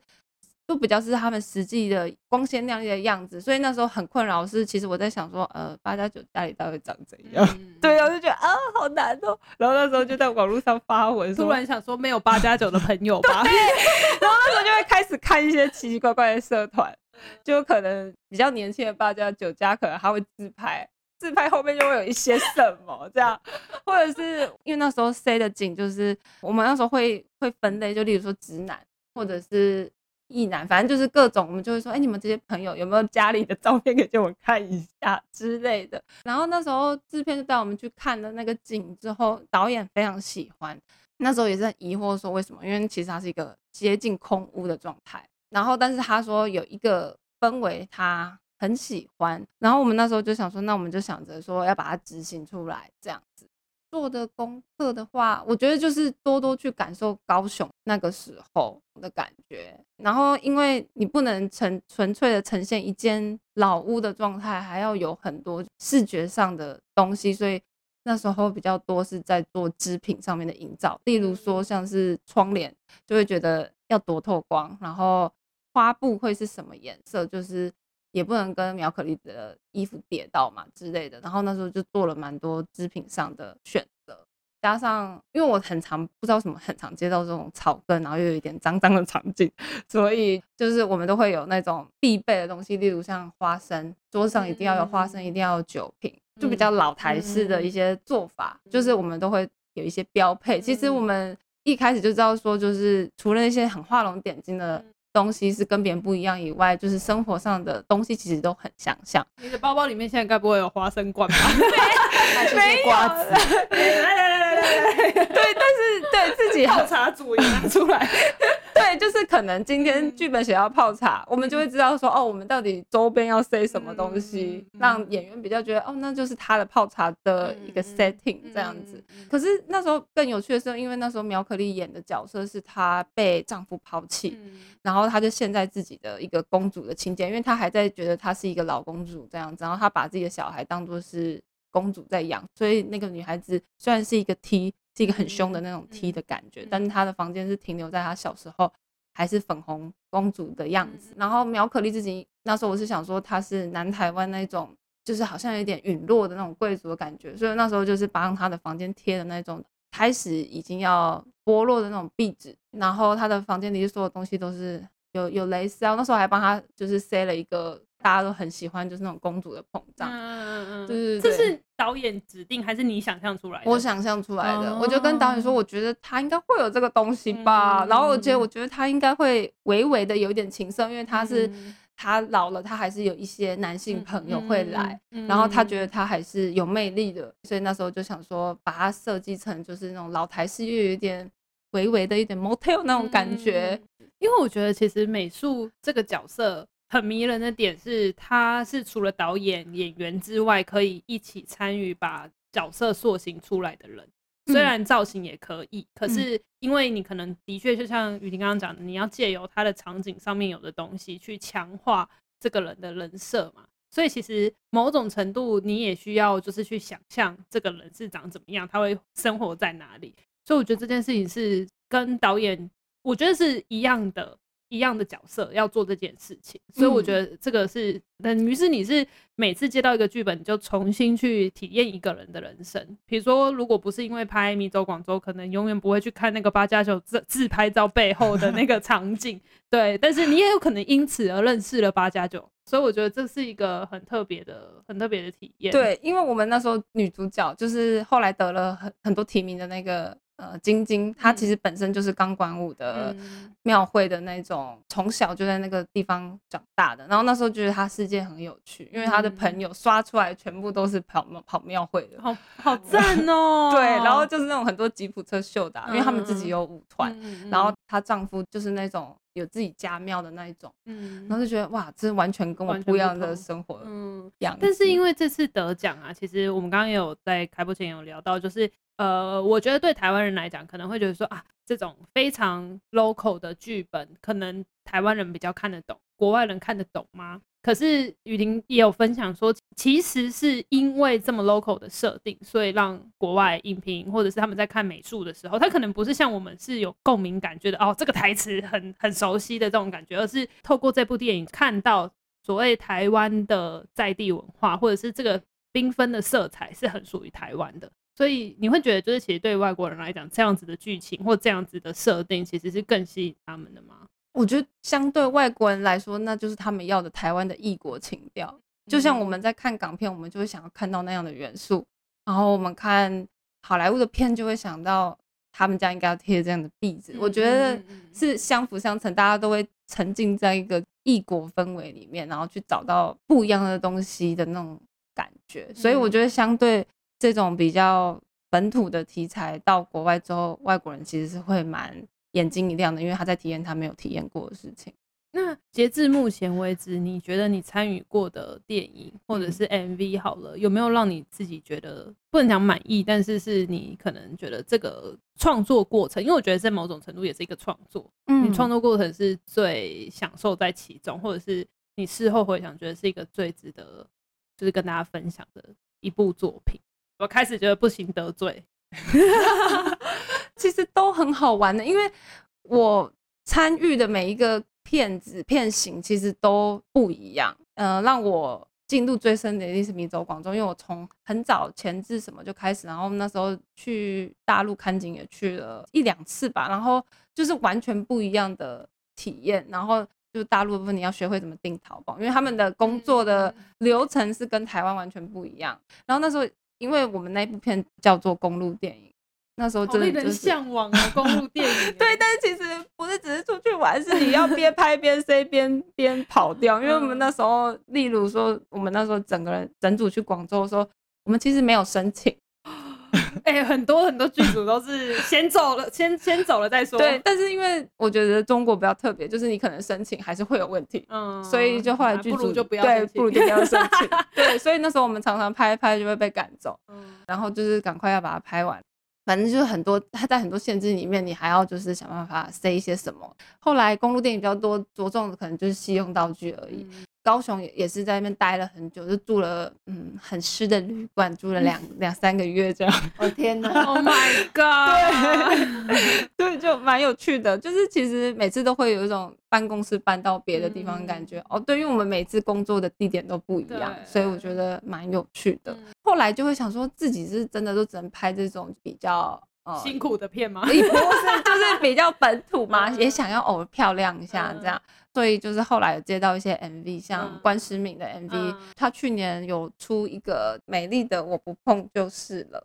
就比較是他們實際的光鮮亮麗的樣子，所以那時候很困擾，是其實我在想說，呃，八加九家裡到底長怎樣？嗯、對，我就覺得啊，好難哦、喔。然後那時候就在網絡上發文，突然想說沒有八加九的朋友吧？ [laughs] 對 [laughs] 然後那時候就會開始看一些奇奇怪怪的社團，就可能比較年輕的八加九家，可能還會自拍，自拍後面就會有一些什麼這樣，或者是因為那時候塞的緊，就是我們那時候會會分類，就例如說直男，或者是。意難，反正就是各種，我們就會說，哎、欸，你們這些朋友有沒有家裡的照片可以借我看一下之類的。然後那時候製片就帶我們去看了那個景之後，導演非常喜歡，那時候也是很疑惑說為什麼，因為其實它是一個接近空屋的狀態，然後但是他說有一個氛圍他很喜歡，然後我們那時候就想說，那我們就想着說要把它執行出來這樣子。做的功課的話，我覺得就是多多去感受高雄那個時候的感覺。然後，因為你不能呈純粹的呈現一間老屋的狀態，還要有很多視覺上的東西，所以那時候比較多是在做織品上面的營造。例如說，像是窗簾，就會覺得要多透光，然後花布會是什麼顏色，就是。也不能跟苗可麗的衣服疊到嘛之類的，然後那時候就做了蠻多織品上的選擇，加上因為我很常不知道什麼很常接到這種草根，然後又有一點髒脏的場景，所以就是我們都會有那種必備的東西，例如像花生，桌上一定要有花生，一定要有酒瓶，就比較老台式的一些做法，就是我們都會有一些標配。其實我們一開始就知道說，就是除了那些很畫龍點睛的。東西是跟別人不一樣以外，就是生活上的東西其實都很相像。你的包包裡面現在該不會有花生罐吧？ [laughs] [laughs] 對 [laughs] 那就是瓜子。 [laughs] 對，來來來。 [laughs] 對，但是對自己 [laughs] 泡茶主意拿出來 [laughs] 對，就是可能今天劇本寫到泡茶，我們就會知道說，哦，我們到底周邊要塞什麼東西，讓演員比較覺得，哦，那就是他的泡茶的一個 setting 這樣子。可是那時候更有趣的是，因為那時候苗可麗演的角色是她被丈夫拋棄，然後她就陷在自己的一個公主的情節，因為她還在覺得她是一個老公主這樣子，然後她把自己的小孩當作是。公主在養，所以那個女孩子雖然是一個 T，是一個很兇的那種 T 的感覺，但是她的房間是停留在她小時候還是粉紅公主的樣子。然後苗可麗自己那時候我是想說她是南台灣那種，就是好像有點隕落的那種貴族的感覺，所以那時候就是幫她的房間貼的那種開始已經要剝落的那種壁紙，然後她的房間裡所有東西都是有有蕾絲，然後那時候還幫她就是塞了一個。大家都很喜歡，就是那種公主的膨脹。嗯嗯、對對對，這是導演指定還是你想象出來的？我想象出來的。哦，我就跟導演說，我覺得他應該會有這個東西吧。嗯、然後我覺、而、嗯、得，我覺得他應該會微微的有點情色，因為他是，嗯、他老了，他還是有一些男性朋友會來，嗯嗯嗯。然後他覺得他還是有魅力的，所以那時候就想說，把他設計成就是那種老台式又有一點微微的一點 motel 那種感覺。嗯、因為我覺得其實美術這個角色。很迷人的點是，他是除了導演、演員之外，可以一起參與把角色塑形出來的人。雖然造型也可以，嗯、可是因為你可能的確就像於庭剛剛講的，嗯，你要借由他的場景上面有的東西去強化這個人的人設嘛。所以其實某種程度你也需要就是去想象這個人是長怎麼樣，他會生活在哪裡。所以我覺得這件事情是跟導演，我覺得是一樣的。一樣的角色要做這件事情、嗯，所以我覺得這個是等於是你是每次接到一個劇本，你就重新去體驗一個人的人生。比如說，如果不是因為拍《迷走廣州》，可能永遠不會去看那個八加九自自拍照背後的那個場景。 [laughs] 對，但是你也有可能因此而認識了八加九，所以我覺得這是一個很特別的、很特別的體驗。對，因為我們那時候女主角就是後來得了很很多提名的那個。呃，晶晶她其實本身就是鋼管舞的廟會的那種，從、嗯、小就在那個地方長大的。然後那時候覺得她世界很有趣，因為她的朋友刷出來全部都是跑跑廟會的，好好讚哦、喔。 [laughs] 對，然後就是那種很多吉普車秀的，啊嗯，因為他們自己有舞團、嗯嗯嗯。然後她丈夫就是那種。有自己家廟的那一種，嗯，然後就覺得哇，這完全跟我不一樣的生活的樣，嗯。但是因為這次得獎啊，其實我們剛剛也有在開播前也有聊到，就是呃，我覺得對台灣人來講，可能會覺得說啊，這種非常 local 的劇本，可能台灣人比較看得懂，國外人看得懂嗎？可是於庭也有分享說，其實是因為這麼 local 的設定，所以讓國外影評或者是他們在看美術的時候，他可能不是像我們是有共鳴感覺的，覺得哦，這個台詞很很熟悉的這種感覺，而是透過這部電影看到所謂台灣的在地文化，或者是這個繽紛的色彩是很屬於台灣的。所以你會覺得，就是其實對外國人來講，這樣子的劇情或這樣子的設定，其實是更吸引他們的嗎？我覺得相對外國人來說，那就是他們要的台灣的異國情調。就像我們在看港片，我們就會想要看到那樣的元素；然後我們看好萊塢的片，就會想到他們家應該要貼這樣的壁紙。我覺得是相輔相成，大家都會沉浸在一個異國氛圍裡面，然後去找到不一樣的東西的那種感覺。所以我覺得相對這種比較本土的題材到國外之後，外國人其實是會蠻。眼睛一亮的，因為他在體驗他沒有體驗過的事情。那截至目前為止，你覺得你參與過的電影或者是 MV 好了，嗯、有沒有讓你自己覺得不能講滿意，但是是你可能覺得這個創作過程，因為我覺得在某種程度也是一個創作，嗯、你創作過程是最享受在其中，或者是你事後回想覺得是一個最值得，就是跟大家分享的一部作品。我開始覺得不行，得罪。 [laughs] 其實都很好玩的，因為我參與的每一個片子片型其實都不一樣。嗯、呃，讓我進入最深的一定是迷走廣州，因為我從很早前置什麼就開始，然後那時候去大陸看景也去了一兩次吧，然後就是完全不一樣的體驗。然後就大陸的部分，你要學會怎麼訂淘寶，因為他們的工作的流程是跟台灣完全不一樣。然後那時候，因為我們那一部片叫做公路電影。那時候真的嚮往的公路電影。對，但是其實不是只是出去玩，是你要邊拍邊塞，邊邊跑掉。因為我們那時候，例如說，我們那時候整個人，整組去廣州的時候，我們其實沒有申請。哎，很多很多劇組都是先走了，先先走了再說。對，但是因為我覺得中國比較特別，就是你可能申請還是會有問題。嗯，所以就後來劇組不如就不要對，劇組不要申請。對，所以那時候我們常常拍拍就會被趕走，然後就是趕快要把它拍完。反正就是很多，它在很多限制裡面，你還要就是想辦法塞一些什麼。後來公路電影比較多，着重的可能就是戲用道具而已。嗯、高雄也也是在那邊待了很久，就住了嗯很濕的旅館，住了兩兩、嗯、三個月這樣。我、哦、天哪！Oh my god！對，啊、對就蠻有趣的，就是其實每次都會有一種辦公室搬到別的地方的感覺。嗯、哦，對於我們每次工作的地點都不一樣，所以我覺得蠻有趣的。嗯後來就會想說，自己是真的都只能拍這種比較、嗯、辛苦的片嗎？ [laughs] 不過是就是比較本土嘛， [laughs] 也想要偶爾漂亮一下這樣。嗯、所以就是後來接到一些 MV，像關詩敏的 MV，她、嗯嗯、去年有出一個美麗的我不碰就是了。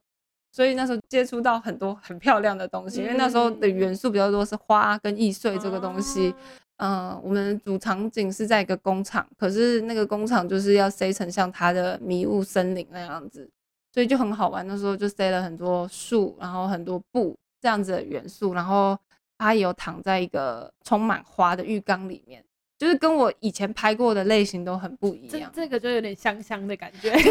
所以那時候接觸到很多很漂亮的東西、嗯，因為那時候的元素比較多是花跟易碎這個東西。嗯嗯、呃，我們主場景是在一個工廠，可是那個工廠就是要塞成像它的迷霧森林那樣子，所以就很好玩。那的時候就塞了很多樹，然後很多布這樣子的元素，然後它也有躺在一個充滿花的浴缸裡面，就是跟我以前拍過的類型都很不一樣。這、這個就有點香香的感覺， [laughs] [laughs] 對，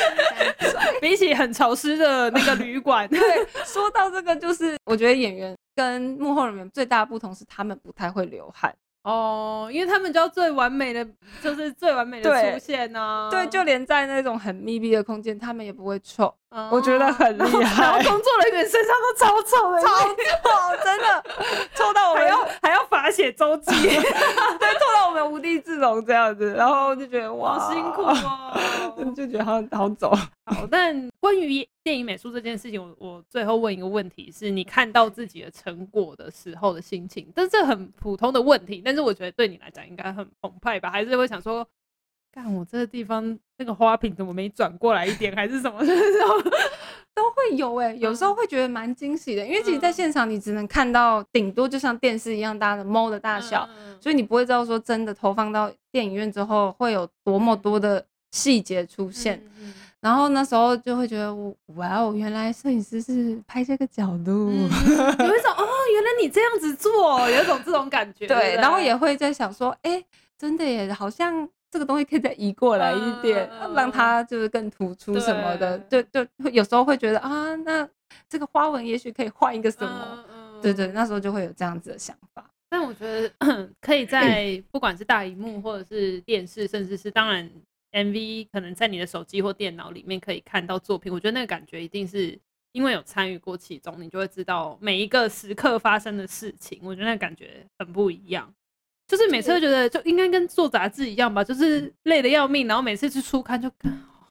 [laughs] 比起很潮濕的那個旅館。 [laughs] 對， [laughs] 說到這個，就是我覺得演員。跟幕後人員最大的不同是，他們不太會流汗哦，因為他們就要最完美的，就是最完美的出現呢、啊。對，就連在那種很密閉的空間，他們也不會臭。 [noise] 我覺得很厲害， [laughs] 然後工作人員身上都超臭， [laughs] 超臭，真的 [laughs] 臭到我們要還要罰寫周記， [laughs] [laughs] 對，臭到我們無地自容這樣子，然後就覺得哇，好辛苦哦、啊， [laughs] 就，就覺得好好走。好，但關於電影美術這件事情，我我最後問一個問題，是你看到自己的成果的時候的心情，但是這很普通的問題，但是我覺得對你來講應該很澎湃吧，還是會想說。看我這個地方那個花瓶怎麼沒轉過來一點，還是什麼？時 [laughs] 候都會有哎、欸，有時候會覺得蠻驚喜的，因為其實，在現場你只能看到頂多就像電視一樣大的貓的大小、嗯，所以你不會知道說真的投放到電影院之後會有多麼多的細節出現、嗯。然後那時候就會覺得哇哦，原來攝影師是拍這個角度，嗯、有一種 [laughs] 哦，原來你這樣子做、哦，有一種這種感覺。 [laughs] 對，然後也會在想說，哎、 [laughs] 欸，真的耶好像。這個東西可以再移過來一點，uh, 讓它就是更突出什麼的，就就有時候會覺得啊，那這個花紋也許可以換一個什麼，uh, uh, 對對，那時候就會有這樣子的想法。但我覺得可以在、哎、不管是大熒幕或者是電視，甚至是當然 MV，可能在你的手機或電腦裡面可以看到作品。我覺得那個感覺一定是因為有參與過其中，你就會知道每一個時刻發生的事情。我覺得那個感覺很不一樣。就是每次都覺得就應該跟做雜誌一樣吧，就是累得要命，然後每次去出刊就，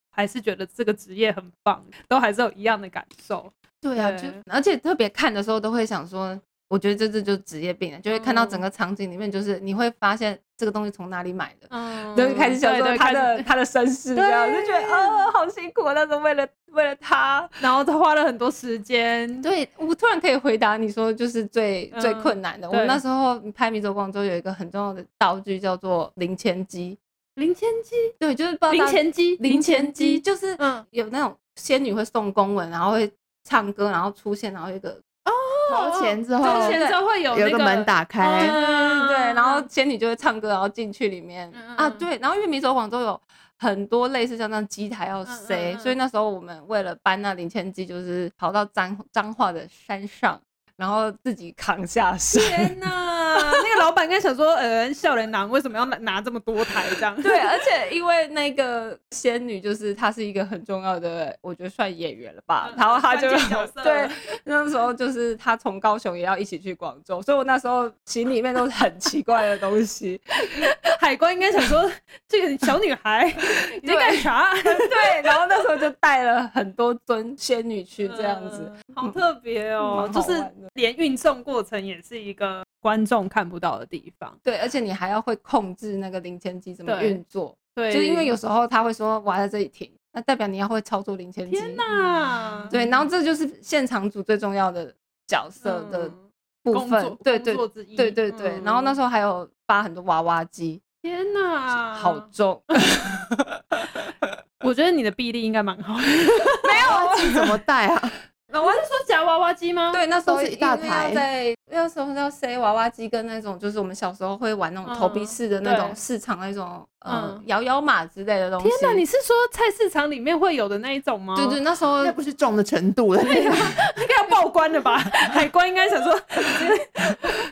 還是覺得這個職業很棒，都還是有一樣的感受。對，對啊，就而且特別看的時候都會想說。我覺得這這就是職業病了，就會看到整個場景裡面，就是你會發現這個東西從哪裡買的、嗯，就是、開始想說他的他的，他的身世，這樣對就覺得啊、呃、好辛苦啊，那時候為了為了他，然後他花了很多時間。對，我突然可以回答你說，就是最、嗯、最困難的。我們那時候拍《迷走廣州》有一個很重要的道具叫做靈籤機，靈籤機對，就是靈籤機，靈籤機就是有那種仙女會送公文，然後會唱歌，然後出現，然後一個。掏錢之後、哦會有那個，對，有一個門打開、哦，對對對，然後仙女就會唱歌，然後進去裡面嗯嗯啊，對，然後迷走廣州有很多類似像那機台要塞、嗯嗯嗯，所以那時候我們為了搬那零千機，就是跑到彰化的山上，然後自己扛下山。天啊 [laughs] 呃、那個老闆應該想說，呃，笑臉男為什麼要拿拿這麼多台這樣？ [laughs] 對，而且因為那個仙女，就是她是一個很重要的，我覺得算演員了吧。嗯、然後她就色對，那時候就是她從高雄也要一起去廣州，所以我那時候行李裡面都是很奇怪的東西。 [laughs] 海關應該想說， [laughs] 這個小女孩你在幹啥？ [laughs] 對，對，啊、 [laughs] 對，然後那時候就帶了很多尊仙女去這樣子，嗯嗯、好特別哦，嗯，就是連運送過程也是一個觀眾。看不到的地方，對，而且你還要會控制那個零錢機怎麼運作，對，對就是、因為有時候他會說，我在這裡停，那代表你要會操作零錢機。天哪，對，然後這就是現場組最重要的角色的部分，嗯、對,對,對,對對對對對、嗯，然後那時候還有發很多娃娃機，天哪，好重， [laughs] [laughs] 我覺得你的臂力應該蠻好， [laughs] 沒有啊， [laughs] 怎麼帶啊？老是說夾娃娃機嗎？對，那時候要在是一大台。對，那時候是要塞娃娃機跟那種，就是我們小時候會玩那種投幣式的那種市場那種。Uh-huh. 嗯，搖搖馬之類的東西。天哪，你是說菜市場裡面會有的那一種嗎？對對、對，那時候那不是重的程度了，那個、啊、 [laughs] 應該要報關的吧？海 [laughs] 關應該想說、就是，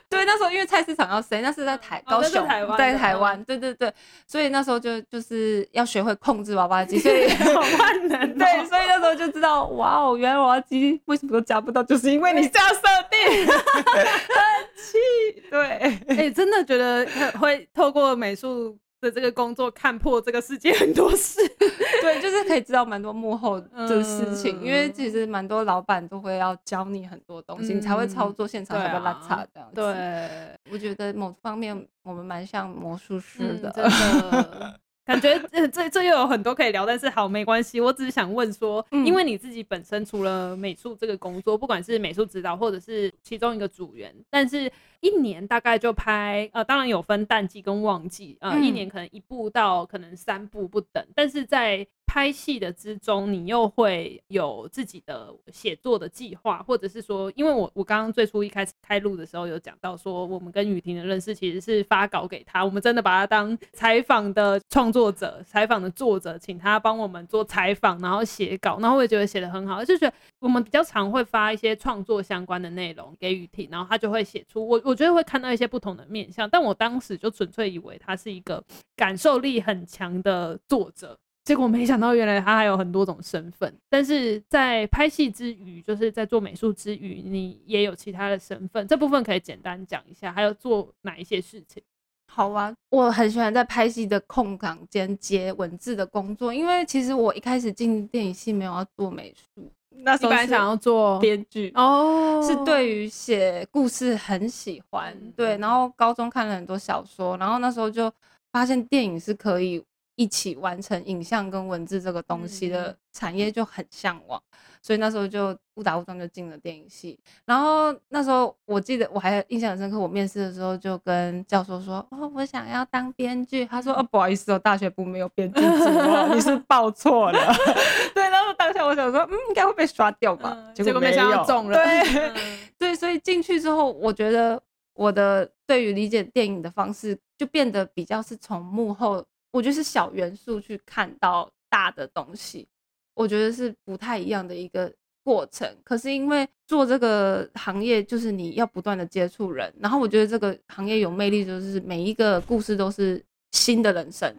對，那時候因為菜市場要塞，那是在臺、哦、高雄，台灣哦、在台灣，對對對，所以那時候就就是要學會控制娃娃機，所以 [laughs] 好萬能、哦、對，所以那時候就知道，哇哦，原來娃娃機為什麼都夾不到，就是因為你下設定，生氣對，哎、 [laughs] 欸，真的覺得會透過美術。對，這個工作看破這個世界很多事 [laughs] ， [laughs] 對，就是可以知道蠻多幕後的事情，嗯、因為其實蠻多老闆都會要教你很多東西，嗯、你才會操作現場那個拉差這樣子對、啊。對，我覺得某方面我們蠻像魔術師的。嗯 [laughs] [laughs] 感覺這這又有很多可以聊，但是好，沒關係，我只是想問說、嗯，因為你自己本身除了美術這個工作，不管是美術指導或者是其中一個組員，但是一年大概就拍呃，當然有分淡季跟旺季，呃，嗯、一年可能一部到可能三部不等，但是在。拍戲的之中，你又會有自己的寫作的計劃，或者是說，因為我我剛剛最初一開始開錄的時候，有講到說，我們跟於庭的認識其實是發稿給他，我們真的把他當採訪的創作者、採訪的作者，請他幫我們做採訪，然後寫稿，然後我也覺得寫得很好，就覺得我們比較常會發一些創作相關的內容給於庭，然後他就會寫出我我覺得會看到一些不同的面向，但我當時就純粹以為他是一個感受力很強的作者。結果沒想到，原來他還有很多種身份。但是在拍戲之餘，就是在做美術之餘，你也有其他的身份。這部分可以簡單講一下，還有做哪一些事情？好啊，我很喜歡在拍戲的空檔間接文字的工作，因為其實我一開始進電影系沒有要做美術，那是本來想要做編劇哦，是對於寫故事很喜歡、嗯，對。然後高中看了很多小說，然後那時候就發現電影是可以。一起完成影像跟文字這個東西的產業就很嚮往、嗯，所以那時候就誤打誤撞就進了電影系。然後那時候我記得我還印象很深刻，我面試的時候就跟教授說：“哦，我想要當編劇。嗯”他說：“啊、哦，不好意思哦，大學部沒有編劇組 [laughs] 你是報錯了。 [laughs] ”對。然後當下我想說：“嗯，應該會被刷掉吧、嗯？”結果沒想到中了、嗯。對。所以進去之後，我覺得我的對於理解電影的方式就變得比較是從幕後。我覺得是小元素去看到大的東西，我覺得是不太一樣的一個過程。可是因為做這個行業，就是你要不斷的接觸人，然後我覺得這個行業有魅力，就是每一個故事都是新的人生，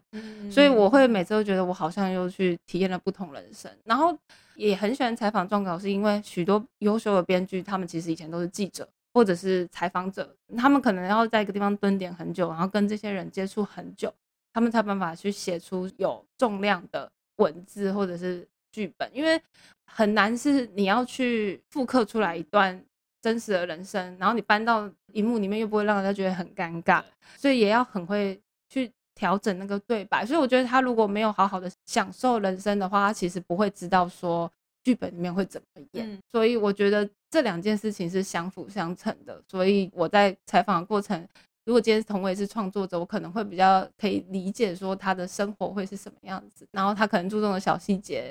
所以我會每次都覺得我好像又去體驗了不同人生。然後也很喜歡採訪撰稿，是因為許多優秀的編劇，他們其實以前都是記者或者是採訪者，他們可能要在一個地方蹲點很久，然後跟這些人接觸很久。他們才有辦法去寫出有重量的文字或者是劇本，因為很難是你要去複刻出來一段真實的人生，然後你搬到熒幕裡面又不會讓人家覺得很尷尬，所以也要很會去調整那個對白。所以我覺得他如果沒有好好的享受人生的話，他其實不會知道說劇本裡面會怎麼演。嗯。所以我覺得這兩件事情是相輔相成的。所以我在採訪的過程。如果今天是同位是創作者，我可能會比較可以理解說他的生活會是什麼樣子，然後他可能注重的小細節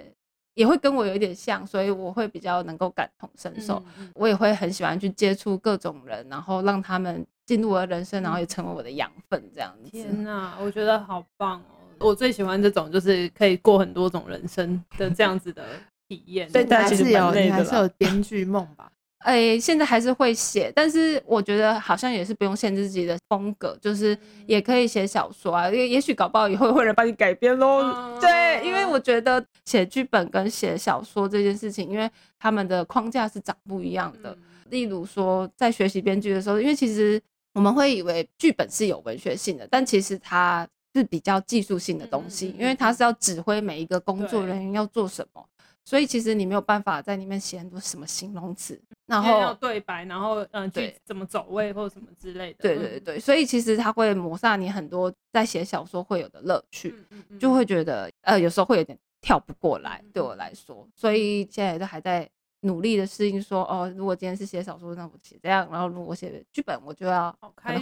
也會跟我有一點像，所以我會比較能夠感同身受，嗯。我也會很喜歡去接觸各種人，然後讓他們進入我的人生，然後也成為我的養分這樣。天哪、啊，我覺得好棒哦！我最喜歡這種就是可以過很多種人生的這樣子的體驗。所以大家是有的還是有編劇夢吧？哎、欸，現在還是會寫，但是我覺得好像也是不用限制自己的風格，就是也可以寫小說啊。因、嗯、為也許搞不好以後會有人幫你改編嘍、嗯。對，因為我覺得寫劇本跟寫小說這件事情，因為他們的框架是長不一樣的。嗯、例如說，在學習編劇的時候，因為其實我們會以為劇本是有文學性的，但其實它是比較技術性的東西、嗯，因為它是要指揮每一個工作人員要做什麼。所以其實你沒有辦法在裡面寫很多什麼形容詞，然後對白，然後嗯、呃，對怎麼走位或什麼之類的。對對對，對所以其實它會抹殺你很多在寫小說會有的樂趣。嗯嗯嗯，就會覺得呃有時候會有點跳不過來。嗯嗯，對我來說，所以現在都還在努力的適應，說哦，如果今天是寫小說，那我寫這樣；然後如果寫劇本，我就要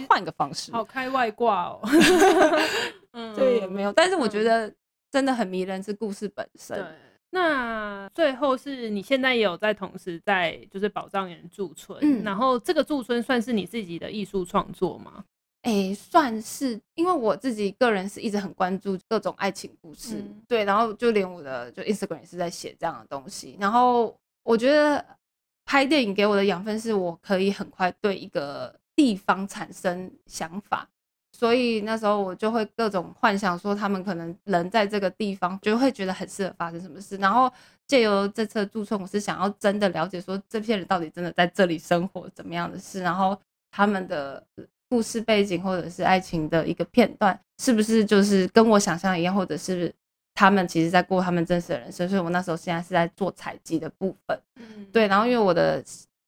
換個方式。好開，好開外掛哦，對、 [laughs] [laughs] 嗯、也沒有、嗯。但是我覺得真的很迷人，是故事本身。對那最後是你現在也有在同時在就是寶藏巖駐村，嗯，然後這個駐村算是你自己的藝術創作嗎？哎、欸，算是，因為我自己個人是一直很關注各種愛情故事，嗯、對，然後就連我的就 Instagram 也是在寫這樣的東西，然後我覺得拍電影給我的養分是我可以很快對一個地方產生想法。所以那時候我就會各種幻想說，他們可能人在這個地方，就會覺得很適合發生什麼事。然後借由這次的駐村，我是想要真的了解說，這些人到底真的在這裡生活怎麼樣的事，然後他們的故事背景或者是愛情的一個片段，是不是就是跟我想象一樣，或者是他們其實在過他們真實的人生。所以我那時候現在是在做採集的部分。嗯，對。然後因為我的。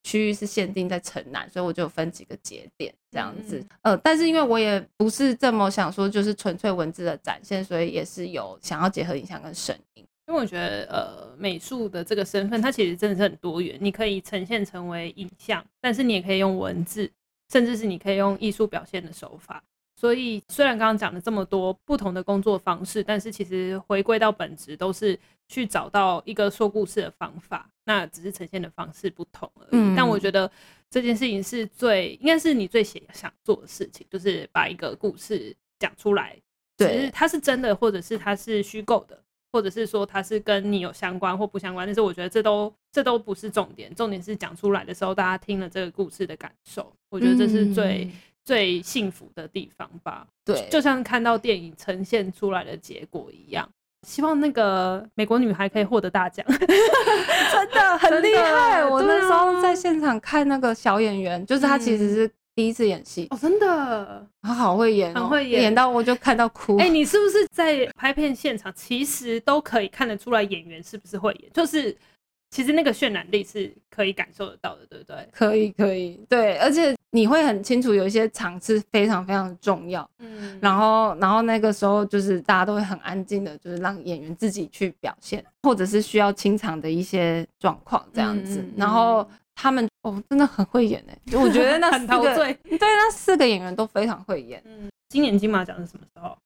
區域是限定在城南，所以我就分幾個節點這樣子。嗯。呃，但是因為我也不是這麼想說，就是純粹文字的展現，所以也是有想要結合影像跟聲音。因為我覺得，呃，美術的這個身份，它其實真的是很多元。你可以呈現成為影像，但是你也可以用文字，甚至是你可以用藝術表現的手法。所以，雖然剛剛講了這麼多不同的工作方式，但是其實回歸到本質，都是去找到一個說故事的方法。那只是呈現的方式不同而已，嗯、但我覺得這件事情是最應該是你最想想做的事情，就是把一個故事講出來。對、就是，它是真的，或者是它是虛構的，或者是說它是跟你有相關或不相關。但是我覺得這都這都不是重點，重點是講出來的時候，大家聽了這個故事的感受。我覺得這是最、嗯、最幸福的地方吧。對，就像看到電影呈現出來的結果一樣。.希望那個美國女孩可以獲得大獎 [laughs] 真的， [laughs] 真的很厲害。我那時候在現場看那個小演員，啊、就是他其實是第一次演戲、嗯、哦，真的，他好，好會演、哦，很會演，演到我就看到哭。哎、欸，你是不是在拍片現場，其實都可以看得出來演員是不是會演，就是。其實那個渲染力是可以感受得到的，對不對？可以，可以，對，而且你會很清楚有一些場次非常非常重要，嗯，然後，然後那個時候就是大家都會很安靜的，就是讓演員自己去表現，或者是需要清場的一些狀況這樣子。嗯，然後他們哦，真的很會演誒，就我覺得那四個 [laughs] 很陶醉，對，那四個演員都非常會演。嗯，今年金馬獎是什麼時候？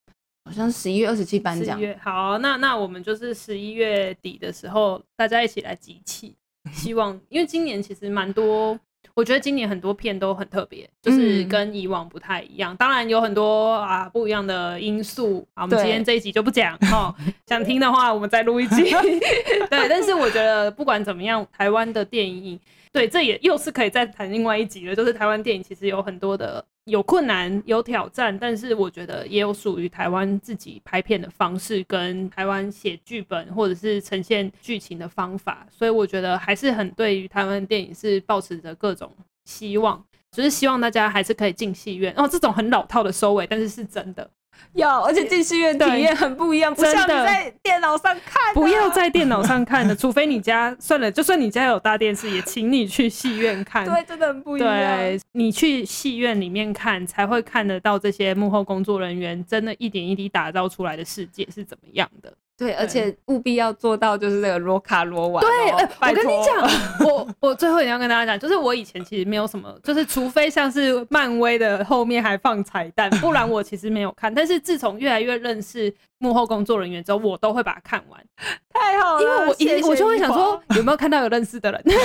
好像是十一月二十七頒獎，好，那那我們就是十一月底的時候，大家一起來集氣，希望，因為今年其實蠻多，我覺得今年很多片都很特別，就是跟以往不太一樣。當然有很多啊不一樣的因素啊，我們今天這一集就不講哦。想聽的話我們再錄一集。 [laughs] 對，但是我覺得不管怎麼樣，台灣的電影，對，這也又是可以再談另外一集了，就是台灣電影其實有很多的。有困難有挑戰，但是我覺得也有屬於台灣自己拍片的方式，跟台灣寫劇本或者是呈現劇情的方法，所以我覺得還是很對於台灣電影是抱持着各種希望，只、就是希望大家還是可以進戲院哦，這種很老套的收尾，但是是真的。有，而且進戲院體驗很不一樣，不像你在電腦上看啊的。不要在電腦上看的， [laughs] 除非你家算了，就算你家有大電視，也請你去戲院看。對，真的很不一樣。對，你去戲院裡面看，才會看得到這些幕後工作人員真的一點一滴打造出來的世界是怎麼樣的。對，而且務必要做到，就是那個羅卡羅完，喔。對、欸，我跟你講， [laughs] 我我最後一定要跟大家講，就是我以前其實沒有什麼，就是除非像是漫威的後面還放彩蛋，不然我其實沒有看。但是自從越來越認識。幕後工作人員之後，我都會把它看完，太好了，因為我也我就會想說，有沒有看到有認識的人？ [laughs] [laughs] 就是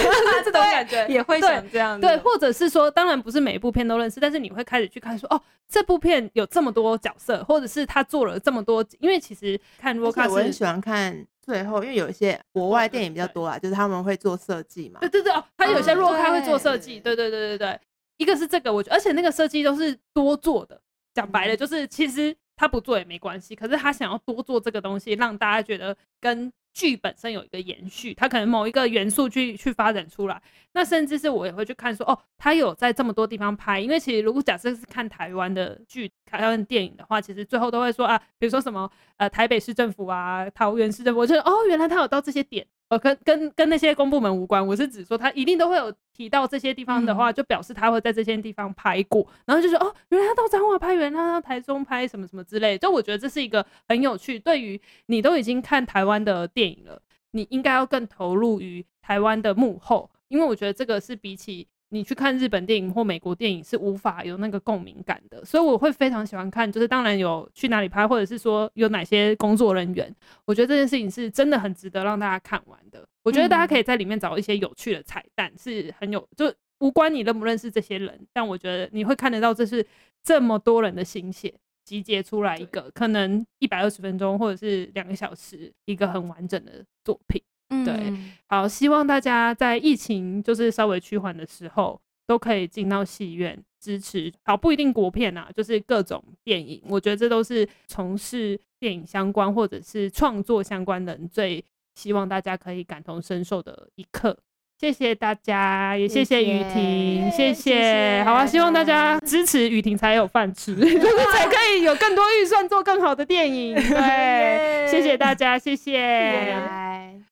這種感覺也會想這樣的對。對，或者是說，當然不是每一部片都認識，但是你會開始去看說，說哦，這部片有這麼多角色，或者是他做了這麼多。因為其實看洛卡是，我很喜歡看最後，因為有一些國外電影比較多啦，就是他們會做設計嘛。對對對哦，他有些洛卡會做設計、嗯，對對對對對。一個是這個，我覺得，而且那個設計都是多做的。講白了，就是其實。他不做也沒關係，可是他想要多做這個東西，讓大家覺得跟劇本身有一個延續。他可能某一個元素去去發展出來，那甚至是我也會去看說，哦，他有在這麼多地方拍。因為其實如果假設是看台灣的劇、台灣電影的話，其實最後都會說啊，比如說什麼呃台北市政府啊、桃園市政府，我覺得哦，原來他有到這些點。我跟跟跟那些公部門無關，我是指說他一定都會有提到這些地方的話，嗯、就表示他會在這些地方拍過，然後就說哦，原來他到彰化拍，原來他台中拍什麼什麼之類，就我覺得這是一個很有趣。對於你都已經看台灣的電影了，你應該要更投入於台灣的幕後，因為我覺得這個是比起。你去看日本電影或美國電影是無法有那個共鳴感的，所以我會非常喜歡看，就是當然有去哪裡拍，或者是說有哪些工作人員，我覺得這件事情是真的很值得讓大家看完的。我覺得大家可以在裡面找一些有趣的彩蛋，是很有，就無關你認不認識這些人，但我覺得你會看得到，這是這麼多人的心血集結出來一個，可能一百二十分鐘或者是兩個小時一個很完整的作品。嗯、對，好，希望大家在疫情就是稍微趨緩的時候，都可以進到戲院支持。好，不一定國片吶、啊，就是各種電影。我覺得這都是從事電影相關或者是創作相關的人最希望大家可以感同身受的一刻。謝謝大家，也謝謝於庭，謝謝，謝，謝，謝，謝。好啊，希望大家支持於庭才有飯吃， [laughs] 就是才可以有更多預算做更好的電影。 [laughs] 對、yeah，謝謝大家，謝謝，yeah, bye